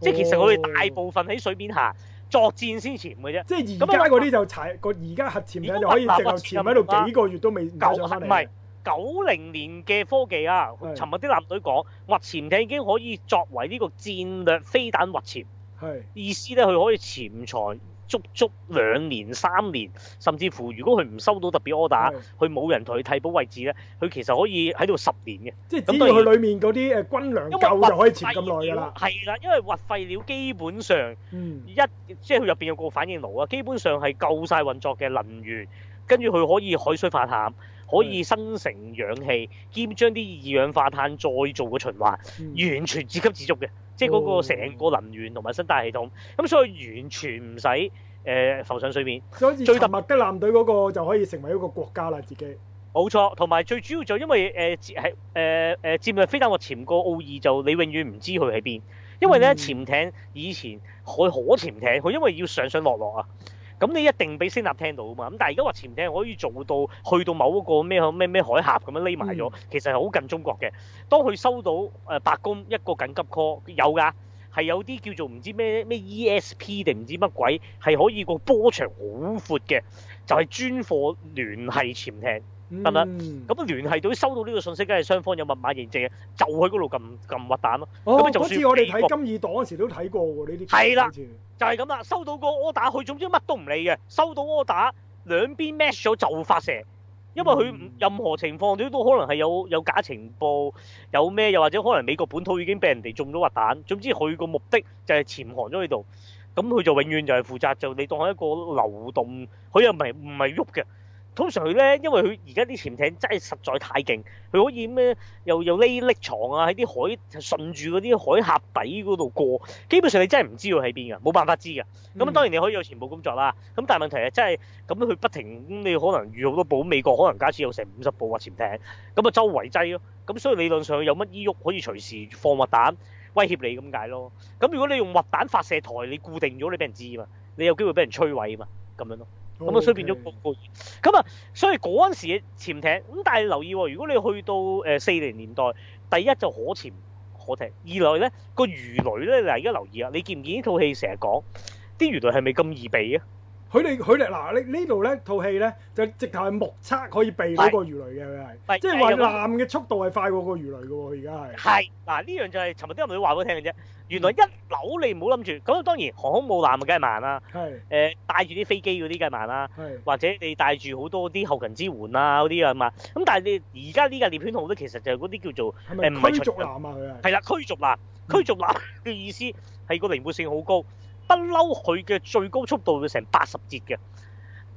即係其實佢哋大部分喺水面下作戰先潛嘅啫。即係而家嗰啲就踩個而家核潛艇可以直頭潛喺度幾個月都未帶上翻嚟。九零年嘅科技啊！尋日啲艦隊講，核是潛艇已經可以作為呢個戰略飛彈核潛，是意思咧佢可以潛藏足足兩年、三年，甚至乎如果佢唔收到特別 order，佢冇人同佢替補位置咧，佢其實可以喺度十年嘅。即係只係佢裏面嗰啲誒軍糧夠就可以潛咁耐㗎啦。係啦，因為核廢料基本上、嗯、一即係佢入面有個反應爐啊，基本上係夠晒運作嘅能源，跟住佢可以海水化淡。可以生成氧氣，兼將啲二氧化碳再做個循環，完全自給自足嘅，嗯、即係嗰個成個能源同埋生態系統。咁所以完全唔使誒浮上水面。所以沉默的艦隊嗰個就可以成為一個國家啦，自己。冇錯，同埋最主要就是因為誒、呃呃呃、佔係誒誒佔嘅飛彈或潛個奧義就你永遠唔知佢喺邊，因為咧、嗯、潛艇以前海可潛艇，佢因為要上上落落啊。咁你一定俾聲納聽到啊嘛，咁但係而家話潛艇可以做到去到某一個咩咩咩海峽咁樣匿埋咗，嗯、其實係好近中國嘅。當佢收到誒白宮一個緊急 call，有㗎，係有啲叫做唔知咩咩 ESP 定唔知乜鬼，係可以個波長好闊嘅，就係、是、專貨聯繫潛艇。係咪？咁咁、嗯、聯繫到收到呢個信息，梗係雙方有密碼認證嘅，就喺嗰度撳撳核彈咯。咁嗰、哦、次我哋睇金耳黨嗰時都睇過喎，呢啲係啦，就係咁啦。收到個 order，佢總之乜都唔理嘅。收到 order，兩邊 match 咗就發射，因為佢任何情況都、嗯、都可能係有有假情報，有咩又或者可能美國本土已經畀人哋中咗核彈。總之佢個目的就係潛航咗呢度，咁佢就永遠就係負責就你當係一個流動，佢又唔係唔係喐嘅。通常佢咧，因為佢而家啲潛艇真係實在太勁，佢可以咩、嗯、又又匿匿藏啊喺啲海順住嗰啲海峽底嗰度過。基本上你真係唔知佢喺邊噶，冇辦法知噶。咁當然你可以有全部工作啦。咁但係問題係真係咁樣佢不停，你可能遇好多部美國可能加私假設有成五十部啊潛艇，咁啊周圍擠咯、啊。咁所以理論上有乜依喐可以隨時放核彈威脅你咁解咯。咁如果你用核彈發射台，你固定咗你俾人知嘛，你有機會俾人摧毀嘛，咁樣咯。咁啊，衰變咗個個熱。咁啊，所以嗰陣時潛艇。咁但係留意喎、哦，如果你去到誒四零年代，第一就可潛可艇，二來咧個魚雷咧嗱，而家留意啊，你見唔見呢套戲成日講啲魚雷係咪咁易避呀？佢哋佢咧嗱，你呢度咧套戲咧就直頭係目測可以避嗰個魚雷嘅，係即係話艦嘅速度係快過個魚雷嘅喎，而家係。係嗱，呢樣就係尋日啲人咪話畀我聽嘅啫。嗯、原來一扭你唔好諗住，咁當然航空母艦啊，梗係慢啦。係誒、呃，帶住啲飛機嗰啲梗係慢啦、啊，是或者你帶住好多啲後勤支援啊嗰啲啊嘛。咁但係你而家呢架獵犬號咧，其實就係嗰啲叫做誒驅逐艦啊，係啦、呃，驅逐艦，驅逐艦嘅意思係個靈活性好高。不嬲，佢嘅最高速度會成八十節嘅，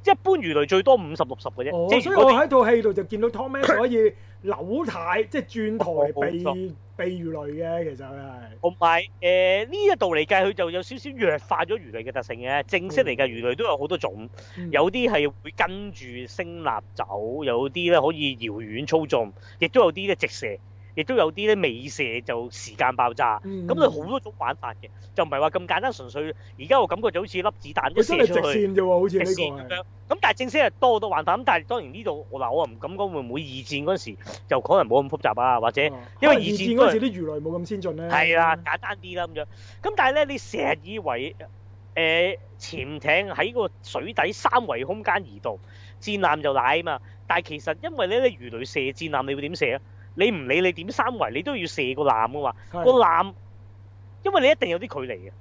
一般魚雷最多五十六十嘅啫。哦，所以我喺套戲度就見到 Tommy 可以扭軚，即係轉台避避魚雷嘅，其實係。同埋誒呢一度嚟計，佢、呃、就有少少弱化咗魚雷嘅特性嘅，正式嚟計魚雷都有好多種，嗯、有啲係會跟住聲納走，有啲咧可以遙遠操縱，亦都有啲咧直射。亦都有啲咧，未射就時間爆炸。咁佢好多種玩法嘅，就唔係話咁簡單純粹。而家我感覺就好似粒子彈一射出去。佢真係直線啫喎，好似你講咁。咁是但係正式係多多玩法，咁但係當然呢度嗱，我唔敢講會唔會二戰嗰陣時就可能冇咁複雜啊？或者、啊、因為二戰嗰陣時啲魚雷冇咁先進咧。係啊，簡單啲啦咁樣。咁但係咧，你成日以為誒、呃、潛艇喺個水底三維空間移動，戰艦就瀨啊嘛。但係其實因為咧，啲魚雷射戰艦，你會點射啊？你唔理你點三圍，你都要射個籃噶嘛？個籃的，因為你一定有啲距離嘅。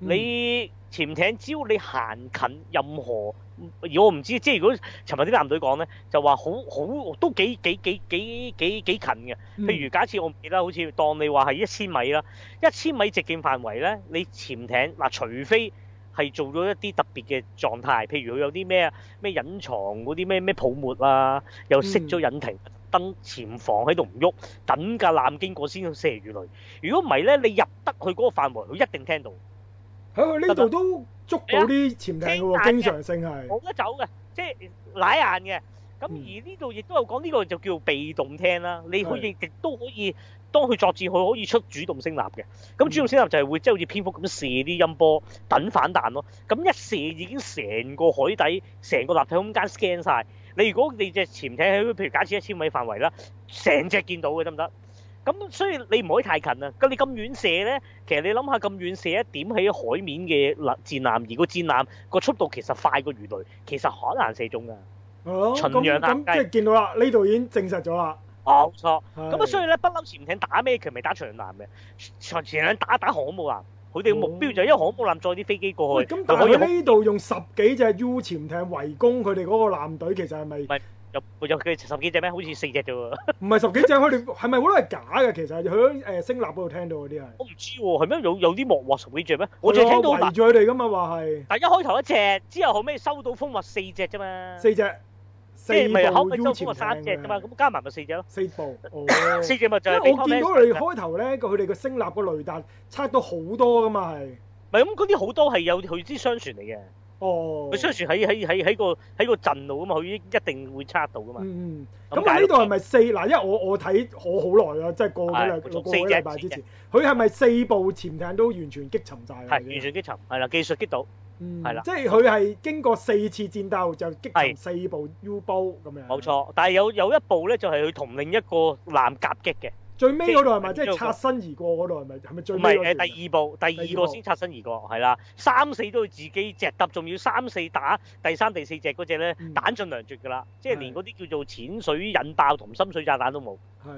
嗯、你潛艇只要你行近任何，而我唔知，即係如果尋日啲艦隊講咧，就話好好都幾幾幾幾幾幾近嘅。嗯、譬如假設我唔記得，好似當你話係一千米啦，一千米直徑範圍咧，你潛艇嗱、啊，除非係做咗一啲特別嘅狀態，譬如佢有啲咩啊，咩隱藏嗰啲咩咩泡沫啊，又熄咗引擎。嗯等潛防喺度唔喐，等架艦，艦經過先射魚雷。如果唔係咧，你入得去嗰個範圍，佢一定聽到。喺佢呢度都捉到啲潛艇嘅喎，的經常性係冇得走嘅，即係賴硬嘅。咁、嗯、而呢度亦都有講，呢、呢個就叫做被動聽啦。你可以亦的都可以當佢作戰，佢可以出主動聲納嘅。咁主動聲納就係會、嗯、即係好似蝙蝠咁射啲音波，等反彈咯。咁一射已經成個海底、成個立體空間 scan 曬。你如果你隻潛艇喺譬如假設一千米範圍啦，成隻見到嘅得唔得？咁所以你唔可以太近啊！咁你咁遠射咧，其實你諗下咁遠射一點喺海面嘅艦戰艦艦而個戰艦個速度其實快過魚雷，其實可能射中噶。巡洋艦，哦，咁咁即係見到啦，呢度已經證實咗啦。哦，冇錯。咁啊是，所以咧不嬲潛艇打咩佢咪打長艦嘅，巡洋艦打一打航母啊！佢哋嘅目標就係因為航空母艦載啲飛機過去，咁、嗯、但係呢度用十幾隻 U 潛艇圍攻佢哋嗰個艦隊，其實係咪？唔係，有有佢哋十幾隻咩？好似四隻啫喎。唔係十幾隻，佢哋係咪好多係假嘅？其實佢誒升級嗰度聽到嗰啲係。我唔知喎，係咩有有啲莫喎？十幾隻咩？我仲有聽到圍住佢哋㗎嘛，話係。但係一開頭一隻，之後後尾收到風話四隻啫嘛。四隻。四部 U 型嘅三隻噶嘛，咁加埋咪四隻咯。四部，四隻咪就係你。因為我見到佢開頭咧，佢哋個聲納個雷達測到好多噶嘛係。唔咁嗰啲好多係有佢啲雙船嚟嘅。哦。佢雙船喺喺喺喺個喺個陣度噶嘛，佢一定會測到噶嘛。咁但呢度係咪四？嗱對，因為我我睇我好耐啦，即係個錯幾個禮拜之前，佢係咪四部潛艇都完全擊沉晒？啦？完全擊沉，係啦，技術擊倒。係啦，嗯、是的即係佢係經過四次戰鬥就擊沉四部 UBoat 咁的樣。冇錯，但係有有一部咧就係佢同另一個艦夾擊嘅。最尾嗰度係咪即係擦身而過嗰度係咪係咪最？唔係，誒，第二部第二個先擦身而過，係啦，三四都要自己只揼，仲要三四打第三、第四隻嗰隻咧，彈盡糧絕噶啦，即係連嗰啲叫做淺水引爆同深水炸彈都冇。係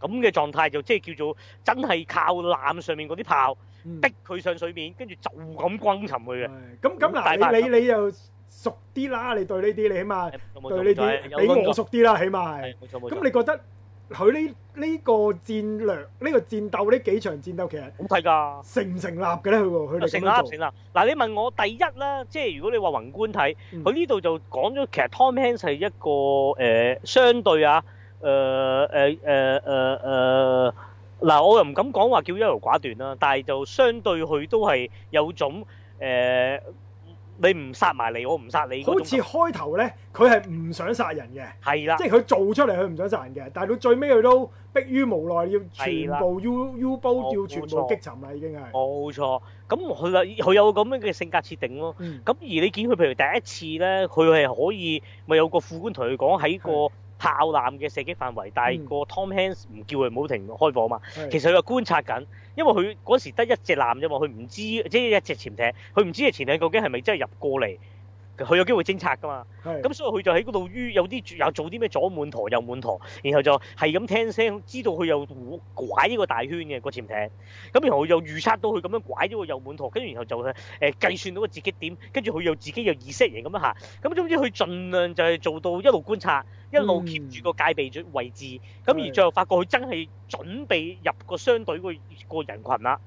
咁嘅狀態就即係叫做真係靠艦上面嗰啲炮。逼佢上水面，跟住就咁轟沉佢嘅。咁咁嗱，你你你就熟啲啦，你對呢啲，你起碼對呢啲，你我熟啲啦，是是起碼係。咁你覺得佢呢呢個戰略，呢、呢個戰鬥，呢幾場戰鬥，其實好睇㗎。的成唔成立嘅咧？佢喎，成立，成立。嗱，你問我第一啦，即係如果你話宏觀睇，佢呢度就講咗，其實 Tom Hanks 係一個誒、呃、相對啊，誒誒誒誒誒。呃呃呃呃嗱，我又唔敢講話叫優柔寡斷啦，但係就相對佢都係有種誒、呃，你唔殺埋你，我唔殺你嗰種。好似開頭咧，佢係唔想殺人嘅，係啦的，即係佢做出嚟，佢唔想殺人嘅，但係到最尾佢都迫於無奈，要全部 U U b o 全部擊沉啦，已經係。冇、哦、錯，咁佢佢有咁樣嘅性格設定咯。咁、嗯、而你見佢譬如第一次咧，佢係可以咪有個副官同佢講喺個炮艦嘅射擊範圍，但係個 Tom Hanks 唔叫佢唔好停開火啊嘛，嗯、其實佢就觀察緊，因為佢嗰時得一隻艦啫嘛，佢唔知即係、就是、一隻潛艇，佢唔知隻潛艇究竟係咪真係入過嚟。佢有機會偵察㗎嘛？咁是的 所以佢就喺嗰度於有啲又做啲咩，左滿舵右滿舵，然後就係咁聽聲，知道佢又拐呢個大圈嘅個潛艇。咁然後又預測到佢咁樣拐咗個右滿舵，跟住然後就誒計算到個截擊點，跟住佢又自己又意識型咁樣行。咁總之佢盡量就係做到一路觀察，一路 keep 住個戒備位置。咁、嗯、而最後發覺佢真係準備入個商隊個人群啦。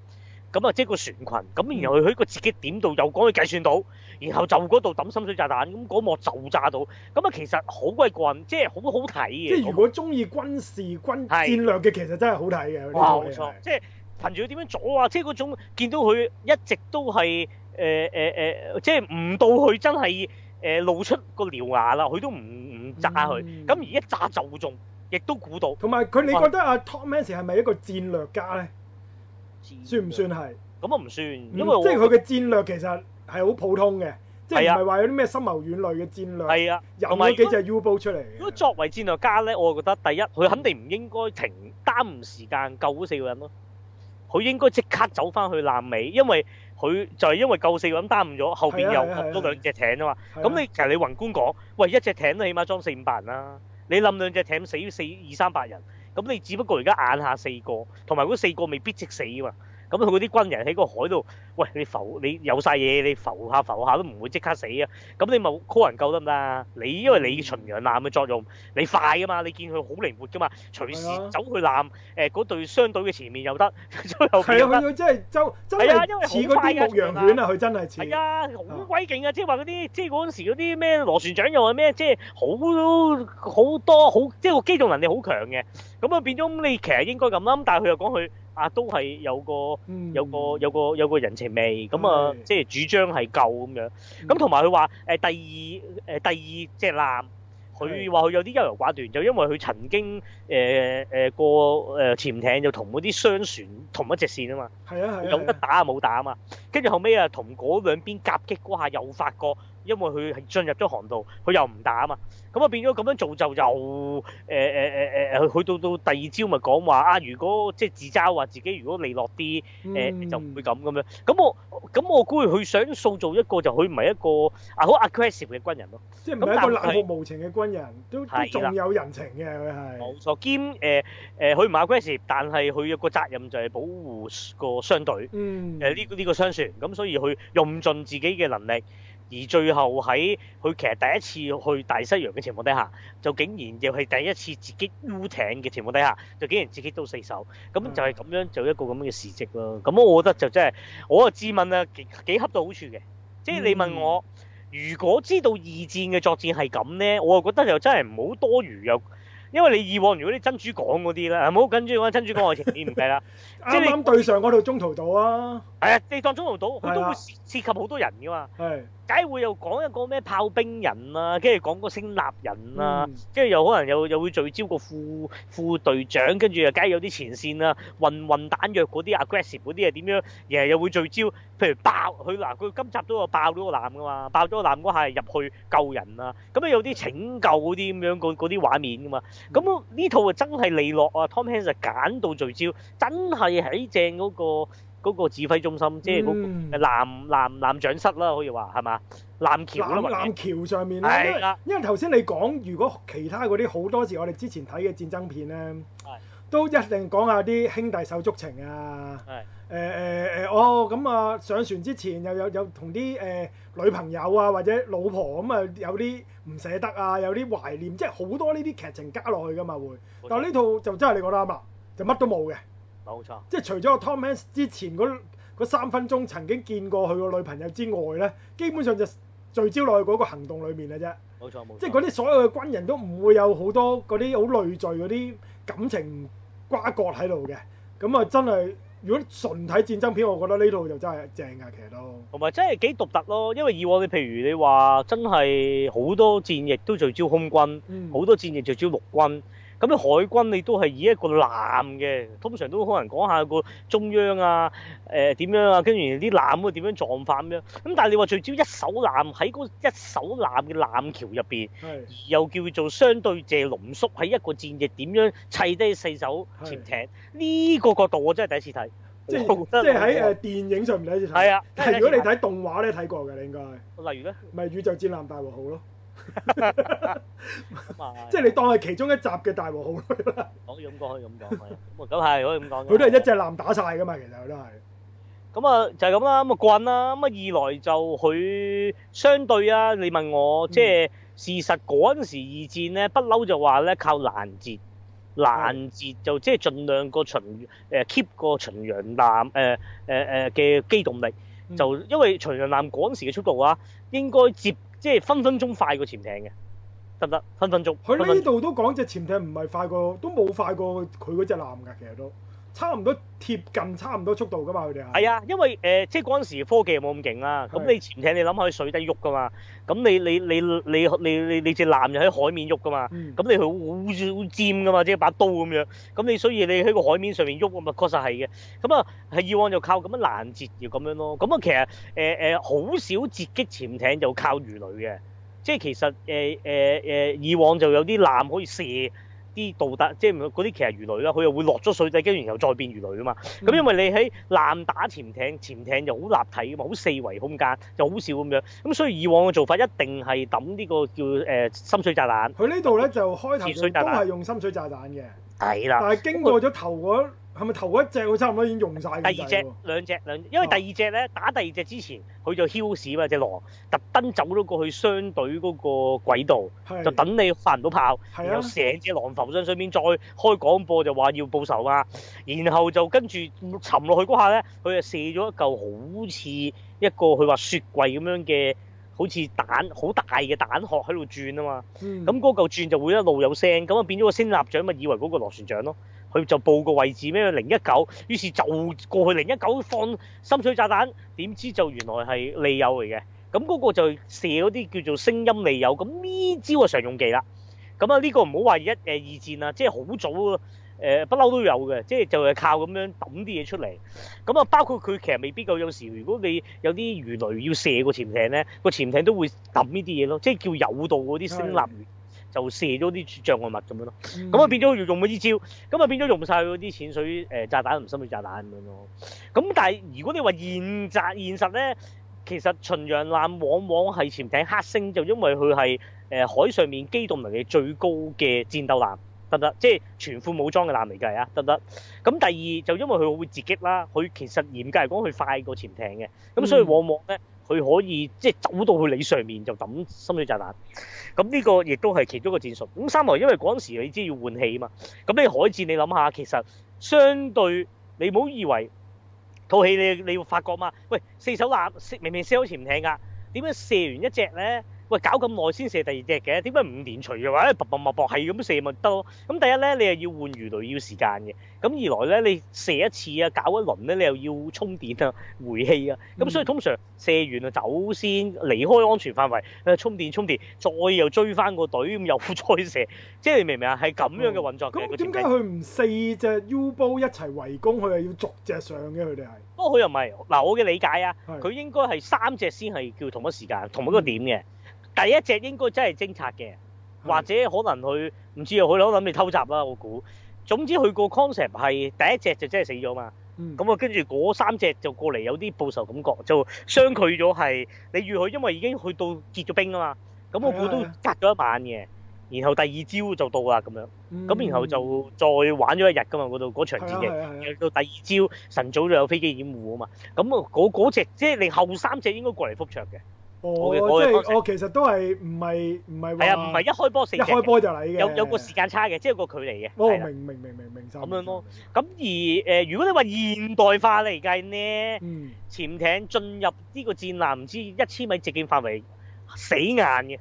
咁啊，即係個船群。咁然後佢喺個截擊點度又講佢計算到。然後就嗰度抌深水炸彈，咁嗰幕就炸到。咁啊，其實好鬼過癮，即係好好睇嘅。即係如果中意軍事軍戰略嘅，其實真係好睇嘅。哇，冇錯，即係憑住佢點樣阻啊！即係嗰種見到佢一直都係誒誒誒，即係唔到佢真係誒露出個獠牙啦，佢都唔唔炸佢。咁而一炸就中，亦都估到。同埋佢，你覺得阿 Tom Hanks 係咪一個戰略家咧？算唔算係？咁啊，唔算，因為即係佢嘅戰略其實。係好普通嘅，即係唔係話有啲咩深謀遠慮嘅戰略？係啊，有嗰幾隻 U-Boat 出嚟。如果作為戰略家咧，我覺得第一，佢肯定唔應該停耽誤時間救嗰四個人咯。佢應該即刻走翻去南美，因為佢就係因為救了四個人耽誤咗，後邊又多兩隻艇啊嘛。咁、啊啊啊、你其實你宏觀講，喂，一隻艇都起碼裝四五百人啦，你冧兩隻艇死四二三百人，咁你只不過而家眼下四個，同埋嗰四個未必即死啊嘛。咁同佢啲軍人喺個海度，喂，你浮你有晒嘢，你浮下浮下都唔會即刻死啊！咁你咪 call 人救得唔得啊？你因為你巡洋艦嘅作用，你快㗎嘛，你見佢好靈活㗎嘛，隨時走去艦誒嗰隊雙隊嘅前面又得，咁又變咗。係啊，佢、就係、真係周周啊，因為好快㗎嘛。係啊，好鬼勁啊！即係話嗰啲，即係嗰陣時嗰啲咩螺旋槳又係咩？即係好好多好，即係個機動能力好強嘅。咁啊變咗你其實應該咁諗。但係佢又講佢。啊，都係有個有個有個有個人情味咁啊，即係、嗯、主張係夠咁樣。咁同埋佢話誒第二誒第二隻艦，佢話佢有啲優柔寡斷，就因為佢曾經誒誒過誒潛艇就同嗰啲商船同一隻線啊嘛，係啊係、啊、有得打啊冇打啊嘛。後跟住後尾啊，同嗰兩邊夾擊嗰下又發覺。因為佢係進入咗航道，佢又唔打啊嘛，咁啊變咗咁樣做就又誒誒誒誒去到到第二朝咪講話啊，如果即係自嘲話自己如果利落啲誒、呃嗯、就唔會咁咁樣，咁我咁我估佢想塑造一個就佢唔係一個啊好 aggressive 嘅軍人咯，即係唔係一個冷漠無情嘅軍人，是都仲有人情嘅佢係冇錯，兼誒誒、呃、佢唔、呃、係、呃、aggressive，但係佢有個責任就係保護個商隊，誒呢呢個商船，咁所以佢用盡自己嘅能力。而最後喺佢其實第一次去大西洋嘅情況底下，就竟然又係第一次截擊 U 艇嘅情況底下，就竟然截擊到四艘，咁就係咁樣、嗯、就一個咁嘅事蹟咯。咁我覺得就真係，我啊自問啊幾幾恰到好處嘅。即係你問我，嗯、如果知道二戰嘅作戰係咁咧，我啊覺得就真係唔好多餘又，因為你以往如果你珍珠港嗰啲咧，唔好緊住講珍珠港愛情片唔計啦，啱啱對上嗰度中途島啊。係啊、哎，你當中途島佢都會涉涉及好多人噶嘛。係、啊，梗係會又講一個咩炮兵人啦、啊，跟住講個聲納人啦、啊，跟住、嗯、又可能又又會聚焦個副副隊長，跟住又梗係有啲前線啊，混混彈藥嗰啲 aggressive 嗰啲係點樣？又會聚焦，譬如爆佢嗱佢今集都有爆咗個男噶嘛，爆咗個男嗰下入去救人啊，咁啊有啲拯救嗰啲咁樣個嗰啲畫面噶嘛。咁呢、嗯、套啊真係利落啊、mm hmm.，Tom Hanks 就揀到聚焦，真係喺正嗰、那個。嗰個指揮中心，即係嗰個艦艦艦長室啦，可以話係嘛？艦橋啦嘛，艦橋上面。係啦的，因為頭先你講，如果其他嗰啲好多時，我哋之前睇嘅戰爭片咧，的都一定講下啲兄弟手足情啊。係的。誒誒誒，哦咁啊，上船之前又有有同啲誒女朋友啊，或者老婆咁啊，有啲唔捨得啊，有啲懷念，即係好多呢啲劇情加落去㗎嘛會。嗱呢錯套就真係你覺得啱啦，就乜都冇嘅。冇錯，即係除咗個 Tom Hanks 之前嗰三分鐘曾經見過佢個女朋友之外咧，基本上就聚焦落去嗰個行動裏面嘅啫。冇錯，冇錯，即係嗰啲所有嘅軍人都唔會有好多嗰啲好累贅嗰啲感情瓜葛喺度嘅。咁啊，真係如果純睇戰爭片，我覺得呢套就真係正㗎，其實都同埋真係幾獨特咯。因為以往你譬如你話真係好多戰役都聚焦空軍，嗯，好多戰役聚焦陸軍。咁樣海軍你都係以一個艦嘅，通常都可能講下個中央啊，誒、呃、點樣啊，跟住啲艦會點樣撞翻咁樣咁，但係你話最主要一艘艦喺嗰一艘艦嘅艦橋入邊，是又叫做相對借濃縮喺一個戰役點樣砌低四艘潛艇呢，是個角度我真係第一次睇，即係即係喺誒電影上唔第一次睇，係啊，但如果你睇動畫咧睇過嘅，應該，你應該例如咧，咪宇宙戰艦大和號咯。即係 你當係其中一集嘅大和號，可以咁講，可以咁講。咁係可以咁講。佢 都係一隻艦打晒噶嘛，其實佢都係。咁啊，就係咁啦。咁啊，慣啦。咁啊，二來就佢相對啊。你問我即係、就是、事實嗰陣時二戰呢，不嬲就話咧靠攔截，攔截的就即係盡量個巡誒、呃、keep 個巡洋艦誒誒誒，嘅機動力。就因為巡洋艦嗰陣時嘅速度啊，應該接。即係分分鐘快過潛艇嘅，得唔得？分分鐘。佢呢度都講隻潛艇唔係快過，都冇快過佢嗰隻艦㗎，其實都。差唔多貼近，差唔多速度噶嘛，佢哋啊。係啊，因為誒、呃，即係嗰陣時科技冇咁勁啦。咁你潛艇，你諗下喺水底喐噶嘛？咁你你你你你你你隻艦就喺海面喐噶嘛？咁、嗯、你好好尖噶嘛，即係把刀咁樣。咁你所以你喺個海面上面喐，咪確實係嘅。咁啊，係以往就靠咁樣攔截而咁樣咯。咁啊，其實誒誒好少截擊潛艇就靠魚雷嘅。即係其實誒誒誒，以往就有啲艦可以射。啲導彈即係嗰啲其實魚雷啦，佢又會落咗水底，跟住然後又再變魚雷啊嘛。咁、嗯、因為你喺攬打潛艇，潛艇又好立體嘅嘛，好四維空間，又好少咁樣。咁所以以往嘅做法一定係揼呢個叫誒深水炸彈。佢呢度咧就開頭都係用深水炸彈嘅，係啦的。但係經過咗頭嗰。係咪頭一隻我差唔多已經用晒？第二隻兩隻兩隻，因為第二隻咧、啊、打第二隻之前，佢就囂屎嘛隻狼，特登走咗過去相對嗰個軌道，是就等你發唔到炮，啊、然後成隻狼浮上水面再開廣播就話要報仇嘛。然後就跟住沉落去嗰下咧，佢就射咗一嚿好似一個佢話雪櫃咁樣嘅，好似蛋好大嘅蛋殼喺度轉啊嘛。咁嗰嚿轉就會一路有聲，咁啊變咗個星立槳咪以為嗰個螺旋槳咯。佢就報個位置咩零一九，19，於是就過去零一九放深水炸彈，點知就原來係利友嚟嘅，咁嗰個就射嗰啲叫做聲音利友，咁呢招啊常用技啦。咁啊呢個唔好話一二戰啦，即係好早誒不嬲都有嘅，即係就係、是、靠咁樣揼啲嘢出嚟。咁啊包括佢其實未必夠，有時如果你有啲魚雷要射個潛艇咧，個潛艇都會揼呢啲嘢咯，即係叫誘導嗰啲聲納。就射咗啲障礙物咁樣咯，咁啊變咗用用嗰啲招，咁啊變咗用晒嗰啲淺水炸彈，深水炸彈咁樣咯。咁但係如果你話現實，現實呢咧，其實巡洋艦往往係潛艇黑星，就因為佢係海上面機動能力最高嘅戰鬥艦，得唔得？即係全副武裝嘅艦嚟計啊，得唔得？咁第二就因為佢會自擊啦，佢其實嚴格嚟講佢快過潛艇嘅，咁所以往往咧。嗯佢可以即係走到去你上面就抌深水炸彈，咁呢個亦都係其中一個戰術，咁三號，因為嗰陣時你知要換氣啊嘛，咁咧海戰你諗下，其實相對你唔好以為套戲你你會發覺嘛，喂四手攬，明明射咗條艇噶，點解射完一隻咧？喂，搞咁耐先射第二隻嘅，點解唔連續嘅話，唉，勃勃脈係咁射咪得咯？咁第一咧，你又要換魚雷，要時間嘅。咁二來咧，你射一次啊，搞一輪咧，你又要充電啊，回氣啊。咁所以通常射完啊，走先離開安全範圍，充電充電，再又追翻個隊，咁又再射。即係你明唔明啊？係咁樣嘅運作嘅。咁點解佢唔四隻 U 波一齊圍攻？佢係要逐隻上嘅，佢哋係。不過佢又唔係嗱，我嘅理解啊，佢應該係三隻先係叫同一時間，嗯、同一個點嘅。第一隻應該真係偵察嘅，的或者可能佢唔知啊，佢諗諗你偷襲啦，我估。總之佢個 concept 係第一隻就真係死咗嘛，咁啊、嗯、跟住嗰三隻就過嚟有啲報仇感覺，就相距咗係你遇佢，因為已經去到結咗冰啊嘛，咁我估都隔咗一晚嘅，的的然後第二朝就到啊咁樣。咁、嗯、然後就再玩咗一天那日噶嘛嗰度嗰場戰役，的的然後到第二朝晨早就有飛機掩護啊嘛，咁啊嗰嗰隻即係你後三隻應該過嚟復場嘅。我我其實都係唔係唔係，係啊，唔係一開波四隻，一開波就嚟嘅，有有個時間差嘅，即係個距離嘅。哦，明明明明明咁樣咯。咁而誒，如果你話現代化嚟計呢，潛艇進入呢個戰艦唔知一千米直徑範圍死硬嘅。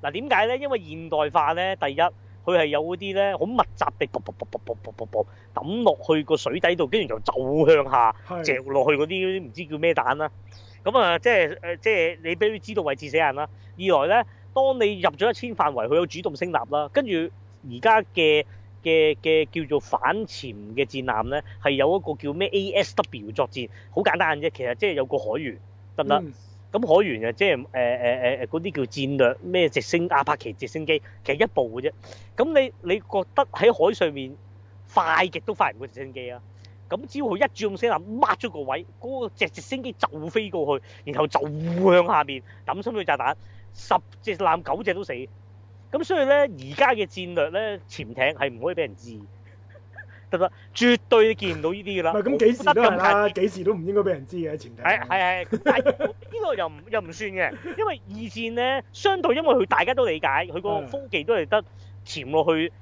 嗱點解咧？因為現代化咧，第一佢係有嗰啲咧好密集地啵啵啵啵啵啵啵啵抌落去個水底度，跟住就走向下著落去嗰啲唔知叫咩彈啦。咁啊，即係誒，即係你俾佢知道位置死人啦。二來咧，當你入咗一千範圍，佢有主動聲納啦。跟住而家嘅嘅嘅叫做反潛嘅戰艦咧，係有一個叫咩 ASW 作戰，好簡單嘅啫。其實即係有個海員得唔得？咁、嗯、海員啊，即係誒誒誒誒嗰啲叫戰略咩直升阿帕奇直升機，其實一部嘅啫。咁你你覺得喺海上面快極都快唔過直升機啊？咁只要佢一轉用身，諗抹咗個位，嗰隻直升機就飛過去，然後就向下面抌深水炸彈，十隻艦九隻都死。咁所以咧，而家嘅戰略咧，潛艇係唔可以俾人知，得唔得？絕對見唔到呢啲噶啦，咁幾、啊、時都幾時都唔應該俾人知嘅潛艇。係係係，但係依個又唔又唔算嘅，因為二戰咧，相對因為佢大家都理解，佢個風技都係得潛落去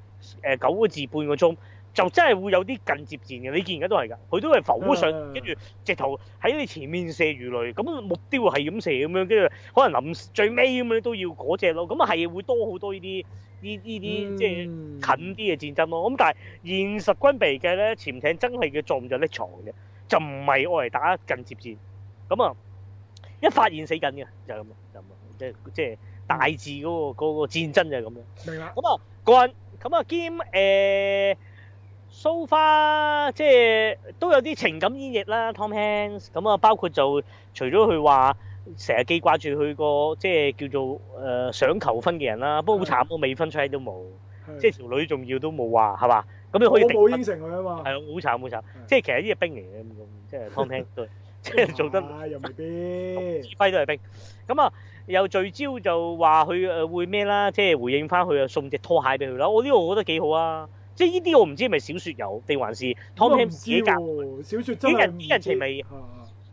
九個字半個鐘。就真係會有啲近接戰嘅，你見而家都係㗎，佢都係浮上，跟住、yeah, yeah , yeah. 直頭喺你前面射魚雷，咁目標係咁射咁樣，跟住可能臨最尾咁樣都要嗰隻咯，咁啊係會多好多呢啲呢呢啲即係近啲嘅戰爭咯。咁但係現實軍備嘅咧，潛艇真係嘅作用就匿藏嘅，就唔係我嚟打近接戰。咁啊，一發現死緊嘅就係咁，就即係即係大致嗰、嗰個嗰個戰爭就係咁樣。明咁白啊個人，咁啊兼、欸 So far 即係都有啲情感演繹啦，Tom Hanks 咁啊，包括就除咗佢話成日記掛住佢、嗰個即係叫做誒、呃、想求婚嘅人啦，不過好慘，我是的 未婚妻都冇，是的 即係條女仲要都冇話係嘛，咁你可以定我冇應承佢啊嘛，係啊，好慘好慘，慘是的 即係其實呢嘢兵嚟嘅咁，即係 Tom Hanks 都即係做得 又未指必揮都係兵，咁、嗯、啊又聚焦就話佢誒會咩啦，即係回應翻佢啊送隻拖鞋俾佢啦，我呢個我覺得幾好啊。即係呢啲我唔知係咪小說有定還是 Tom Hanks 自己夾？小說真係唔知。啲人人情味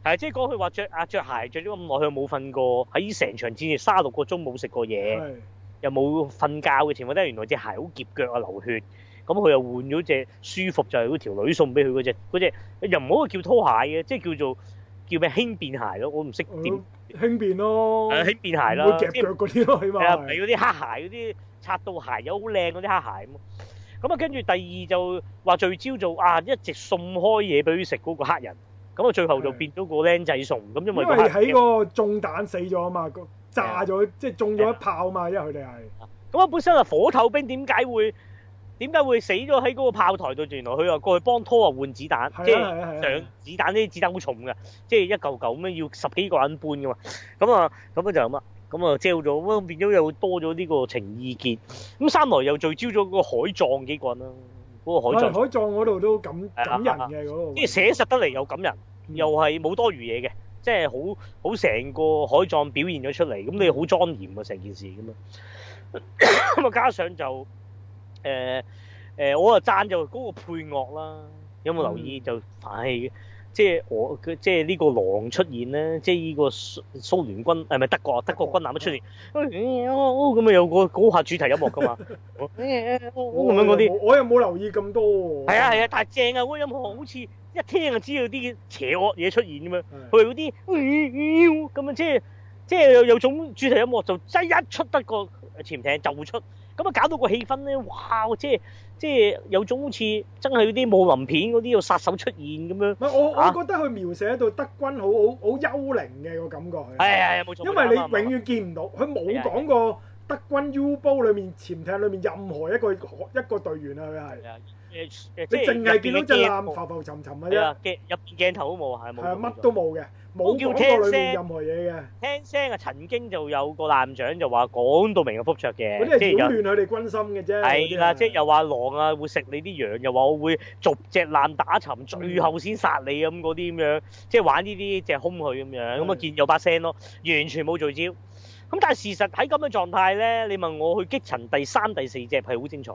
係即係講佢話着啊著鞋着咗咁耐，佢冇瞓過，喺成場戰事三十六個鐘冇食過嘢，是的 又冇瞓覺嘅情況底下，原來隻鞋好夾腳啊，流血。咁佢又換咗隻舒服，就係嗰條女送俾佢嗰隻嗰隻，又唔好叫拖鞋嘅、啊，即係叫做叫咩輕便鞋咯，我唔識點輕便咯，輕便鞋咯，夾腳嗰啲咯，的起碼俾啲黑鞋嗰啲擦到鞋油好靚嗰啲黑鞋。咁啊，跟住第二就話聚焦做啊，一直送開嘢俾佢食嗰個黑人，咁啊最後就變咗個僆仔送，咁的因為佢喺個中彈死咗啊嘛，的炸咗即係中咗一炮啊嘛，因為佢哋係，咁啊、嗯嗯嗯、本身啊火頭兵點解會點解的會死咗喺嗰個炮台度？原來佢啊過去幫拖啊換子彈，即係的上子彈呢啲子彈好重㗎，即、就、係、是、一嚿嚿咁樣要十幾個人搬噶嘛，咁啊咁樣就咁啊。咁啊，即係好咗，咁變咗又多咗呢個情意結。咁三來又聚焦咗嗰個海葬幾棍啦，嗰個海葬。海葬嗰度都感感人嘅嗰個。即係寫實得嚟又感人，又係冇多餘嘢嘅，即係好好，成個海葬表現咗出嚟，咁你好莊嚴啊，成件事咁樣。咁啊，加上就誒誒，我啊贊就嗰個配樂啦，有冇留意就反氣。即係我即係呢個狼出現咧，即係呢個蘇蘇聯軍誒，唔係德國德國軍艦都出現，咁、哎、啊、哦哦、有個嗰下主題音樂噶嘛，咁樣嗰啲，我又冇留意咁多喎、哦。係啊係啊，但係、啊、正啊嗰音樂好似一聽就知道啲邪惡嘢出現咁、哎、樣，佢嗰啲咁樣即係即係有有種主題音樂就即一出德國潛艇就會出。咁啊搞到個氣氛咧，哇！即係即係有種好似真係啲武林片嗰啲要殺手出現咁樣。我，啊、我覺得佢描寫到德軍好好好幽靈嘅個感覺。係係係，冇錯，因為你永遠見唔到，佢冇講過德軍 U-Boat 裏面潛艇裏面任何一個一個隊員啊，佢係。對對對。你淨係見到隻艦浮浮沉沉嘅啫，入邊鏡頭都冇啊，係冇。係啊，乜都冇嘅，冇叫聽聲任何嘢嘅。聽聲啊，曾經就有個艦長就話講到明個伏雀嘅。嗰啲係擾亂佢哋軍心嘅啫。係啦，即係又話狼啊會食你啲羊，又話我會逐隻艦打沉，最後先殺你咁嗰啲咁樣，即係玩呢啲即係哄佢咁樣。咁啊見有把聲咯，完全冇聚焦。咁但係事實喺咁嘅狀態咧，你問我去擊沉第三、第四隻係好精彩。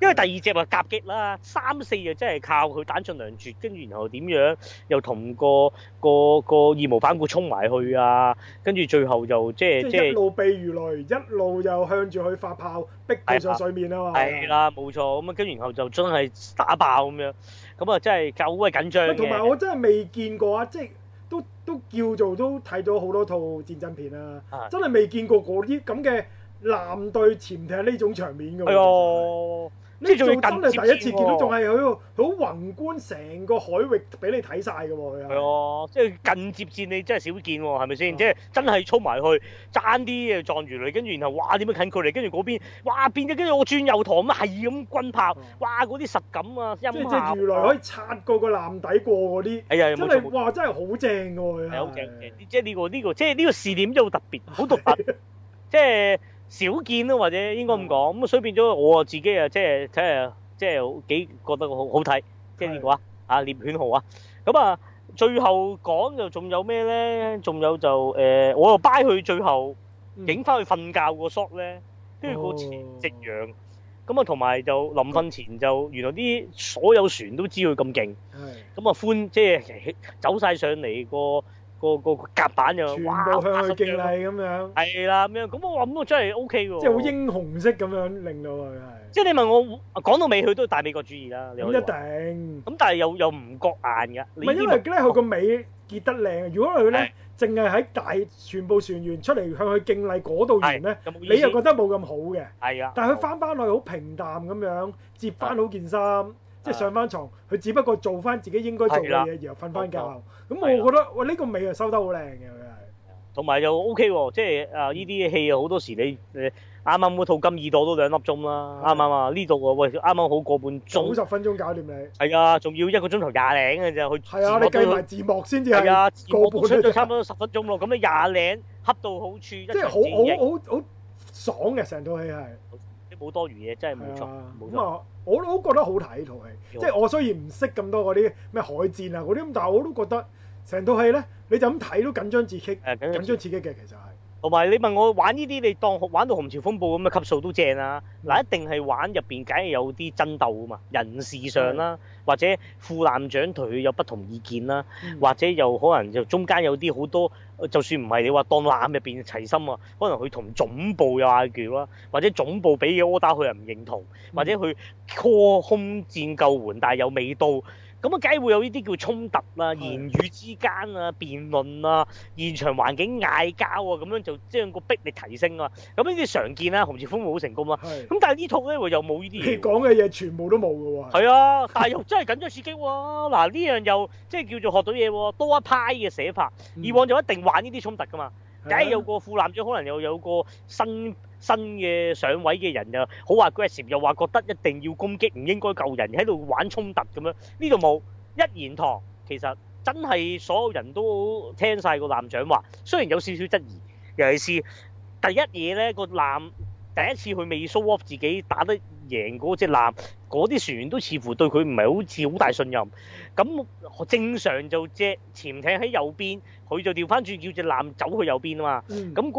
因為第二隻話夾擊啦，三四就真係靠佢彈盡糧絕，跟住然後點樣又同個個個義無反顧衝埋去啊，跟住最後就即係即係一路避魚雷，一路又向住佢發炮，逼佢上水面啊嘛。係啦，冇錯咁啊，跟住然後就真係打爆咁樣，咁啊真係夠鬼緊張嘅。同埋我真係未見過啊，即係都都叫做都睇咗好多套戰爭片啊。真係未見過嗰啲咁嘅艦隊潛艇呢種場面㗎喎。係咯。哎呦。呢種咁你第一次見到，仲係嗰個好宏觀，成個海域俾你睇晒嘅喎，佢即係近接戰你真係少見喎，係咪先？即係真係衝埋去爭啲嘅撞魚雷，跟住然後哇點樣近距離，跟住嗰邊哇變咗跟住我轉右塘咁啊係咁轟炮，哇嗰啲實感啊，音效。即係魚雷可以拆過個艦底過嗰啲。哎呀，哇，真係好正喎！係好正即係呢個呢個即係呢個視點真係好特別，好獨特，即係的。少見咯，或者應該咁講，咁啊所以變咗我啊自己啊即係睇下即係幾覺得好好睇，即係呢個啊？啊獵犬號啊，咁啊最後講就仲有咩咧？仲有就誒，我又擺去最後影翻去瞓覺個 shot 咧，跟住個夕陽，咁啊同埋就臨瞓前就原來啲所有船都知佢咁勁，咁啊寬即係走曬上嚟個。個個夾板又全部向佢敬禮咁樣，係啦咁樣，咁我諗咁我真係 O K 喎，即係好英雄式咁樣令到佢係。即係你問我講到尾，佢都係大美國主義啦，咁一定。咁但係又又唔覺眼嘅，唔係因為咧，佢個尾結得靚。如果佢咧淨係喺大全部船員出嚟向佢敬禮嗰度完咧，你又覺得冇咁好嘅。係啊，但係佢翻返去好平淡咁樣，接翻好件衫。即係上翻床，佢只不過做翻自己應該做嘅嘢，然後瞓翻覺。咁我覺得，喂，呢個尾就收得好靚嘅佢係。同埋又 OK 喎，即係啊呢啲戲好多時你誒啱啱嗰套金耳朵都兩粒鐘啦。啱啱啊，呢度啊，喂，啱啱好個半鐘。九十分鐘搞掂你。係啊，仲要一個鐘頭廿零嘅啫，佢字幕都。係啊，你計埋字幕先至係啊。個半出咗差唔多十分鐘咯，咁你廿零恰到好處，即係好好好好爽嘅成套戲係。冇多餘嘢，真係冇錯。冇錯。我都覺得好睇呢套戲，嗯、即係我雖然唔識咁多啲咩海戰啊啲咁，但係我都覺得成套戲咧，你就咁睇都緊張刺激，緊張刺激嘅其實。同埋你問我玩呢啲，你當玩到《紅潮風暴》咁嘅級數都正啦、啊。嗱，嗯、一定係玩入面，梗係有啲爭鬥嘛，人事上啦，嗯、或者副艦長同佢有不同意見啦，嗯、或者又可能就中間有啲好多，就算唔係你話當艦入面齊心啊，可能佢同總部有嗌交啦，或者總部俾嘅 order 佢又唔認同，嗯、或者佢 call 空戰救援，但係又未到。咁啊，梗係會有呢啲叫衝突啦、啊、言語之間啊、辯論啊、現場環境嗌交啊，咁樣就將個逼力提升啊。咁呢啲常見啦、啊，洪志峰冇成功啊。咁但係呢套咧又冇呢啲嘢講嘅嘢全部都冇㗎喎。係啊，但係又真係緊張刺激喎、啊。嗱、 啊，呢樣又即係叫做學到嘢喎、啊，多一派嘅寫法。以往就一定玩呢啲衝突噶嘛，梗係、嗯、有個富男咗可能又有個新。新嘅上位嘅人、啊、好又好話 grasp，又話覺得一定要攻擊，唔應該救人，喺度玩衝突。咁樣呢度冇一言堂，其實真係所有人都聽晒個艦長話，雖然有少少質疑，尤其是第一嘢咧個艦第一次去未 show off 自己打得。贏過嗰隻艦，嗰啲船員都似乎對佢唔係好似好大信任。咁正常就隻潛艇喺右邊，佢就調翻轉叫隻艦走去右邊啊嘛。咁嗰、嗯嗰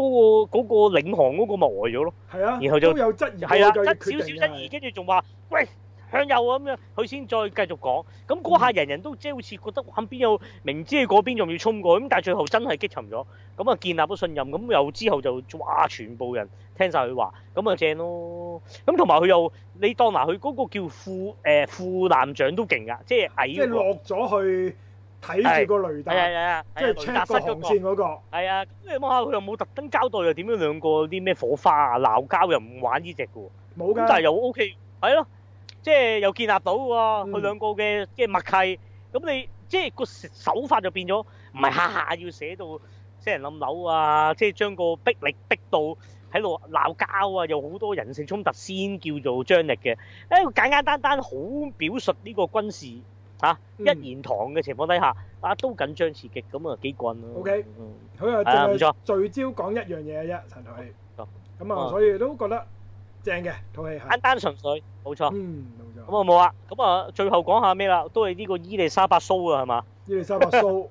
個嗰、嗰個、領航嗰個咪呆咗咯。係啊，然後就都有質疑，係啊，質少少質疑，跟住仲話喂。向右啊咁樣，佢先再繼續講。咁嗰下人人都即係好似覺得，哇邊有明知去嗰邊仲要衝過咁，但係最後真係擊沉咗。咁啊建立咗信任，咁又之後就哇全部人聽晒佢話，咁啊正咯。咁同埋佢又你當埋佢嗰個叫副誒、欸、副艦長都勁㗎，即係、那個、即落咗去睇住個雷達，即係 check 個嗰個。啊，你望下佢又冇特登交代，又點樣兩個啲咩火花啊，鬧交又唔玩呢隻嘅喎。冇咁的但係又 OK 係咯。即係又建立到喎、啊，佢、嗯、兩個嘅即係默契。咁你即係個手法就變咗，唔係下下要寫到死人冧樓啊，即係將個逼力逼到喺度鬧交啊，有好多人性衝突先叫做張力嘅。誒，簡簡單單好表述呢個軍事嚇、啊嗯、一言堂嘅情況底下，啊都緊張刺激咁啊幾棍咯。O K，好啊，冇錯 okay,、嗯，聚焦講一樣嘢嘅啫，陳同咁啊，嗯嗯嗯、所以都覺得。正嘅，空氣，單單純粹，冇錯，嗯，冇錯，咁啊冇啊，咁啊最後講下咩啦，都係呢個伊利沙伯蘇啦，係嘛？伊利沙伯蘇，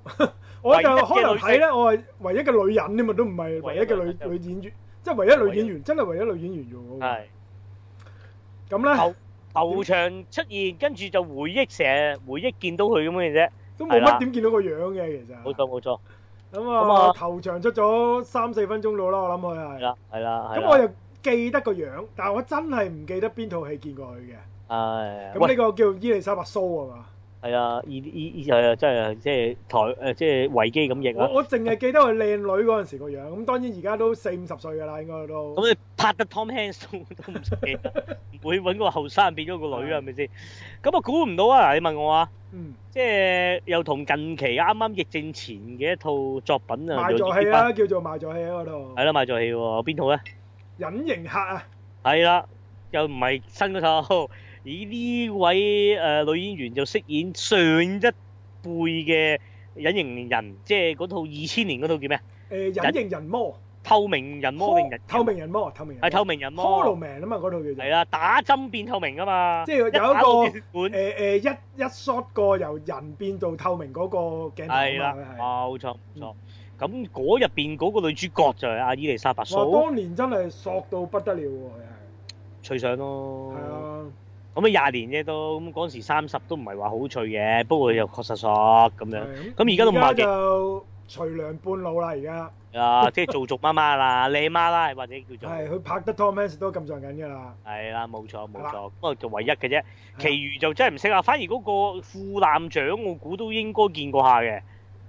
我就開頭睇咧，我係唯一嘅女人添嘛，都唔係唯一嘅女女演員，即係唯一女演員，真係唯一女演員用嘅，係。咁咧，頭頭場出現，跟住就回憶成日回憶見到佢咁嘅啫，都冇乜點見到個樣嘅，其實，冇錯冇錯，咁啊頭場出咗三四分鐘到啦，我諗佢係，係啦，咁我又。記得個樣，但係我真係唔記得邊套戲見過佢嘅。誒，咁呢個叫伊麗莎白蘇啊嘛？係啊，伊伊又真係即係台誒即係維基咁譯啊。我我淨係記得佢靚女嗰陣時個樣，咁當然而家都四五十歲㗎啦，應該都。咁你拍得 Tom Hanks 都唔出奇，唔會揾個後生變咗個女係咪先？咁我估唔到啊！嗱，你問我啊，嗯，即係又同近期啱啱疫症前嘅一套作品啊，賣座戲啦，叫做賣座戲喺嗰度。係啦，賣座戲喎，邊套咧？隱形客啊！係啦，又唔係新嗰套。咦，呢位誒女演員就飾演上一輩嘅隱形人，即係嗰套二千年嗰套叫咩啊？誒、呃、隱形人魔，透明人魔，透明人魔，透明人係透明人魔。f o l l o 啊嘛，套叫做係啦，打針變透明啊嘛，即係有一個誒誒一、呃呃、一,一 t 個由人變做透明嗰個鏡係啦，冇了是、哦、錯，唔錯。嗯咁嗰入邊嗰個女主角就係阿伊麗莎白蘇。我當年真係索到不得了喎、啊，又係。脆上咯。係啊。咁啊廿年啫都，咁嗰時三十都唔係話好脆嘅，不過又確實索咁樣。咁而家都唔係嘅。而家就徐娘半老啦，而家。啊，即係做做媽媽啦， 你媽啦，或者叫做。係、啊，佢拍得 Tom Hanks 都咁上緊㗎啦。係啦，冇錯冇錯，不過、啊、就唯一嘅啫，其餘就真係唔識啦。反而嗰個副艦長，我估都應該見過下嘅。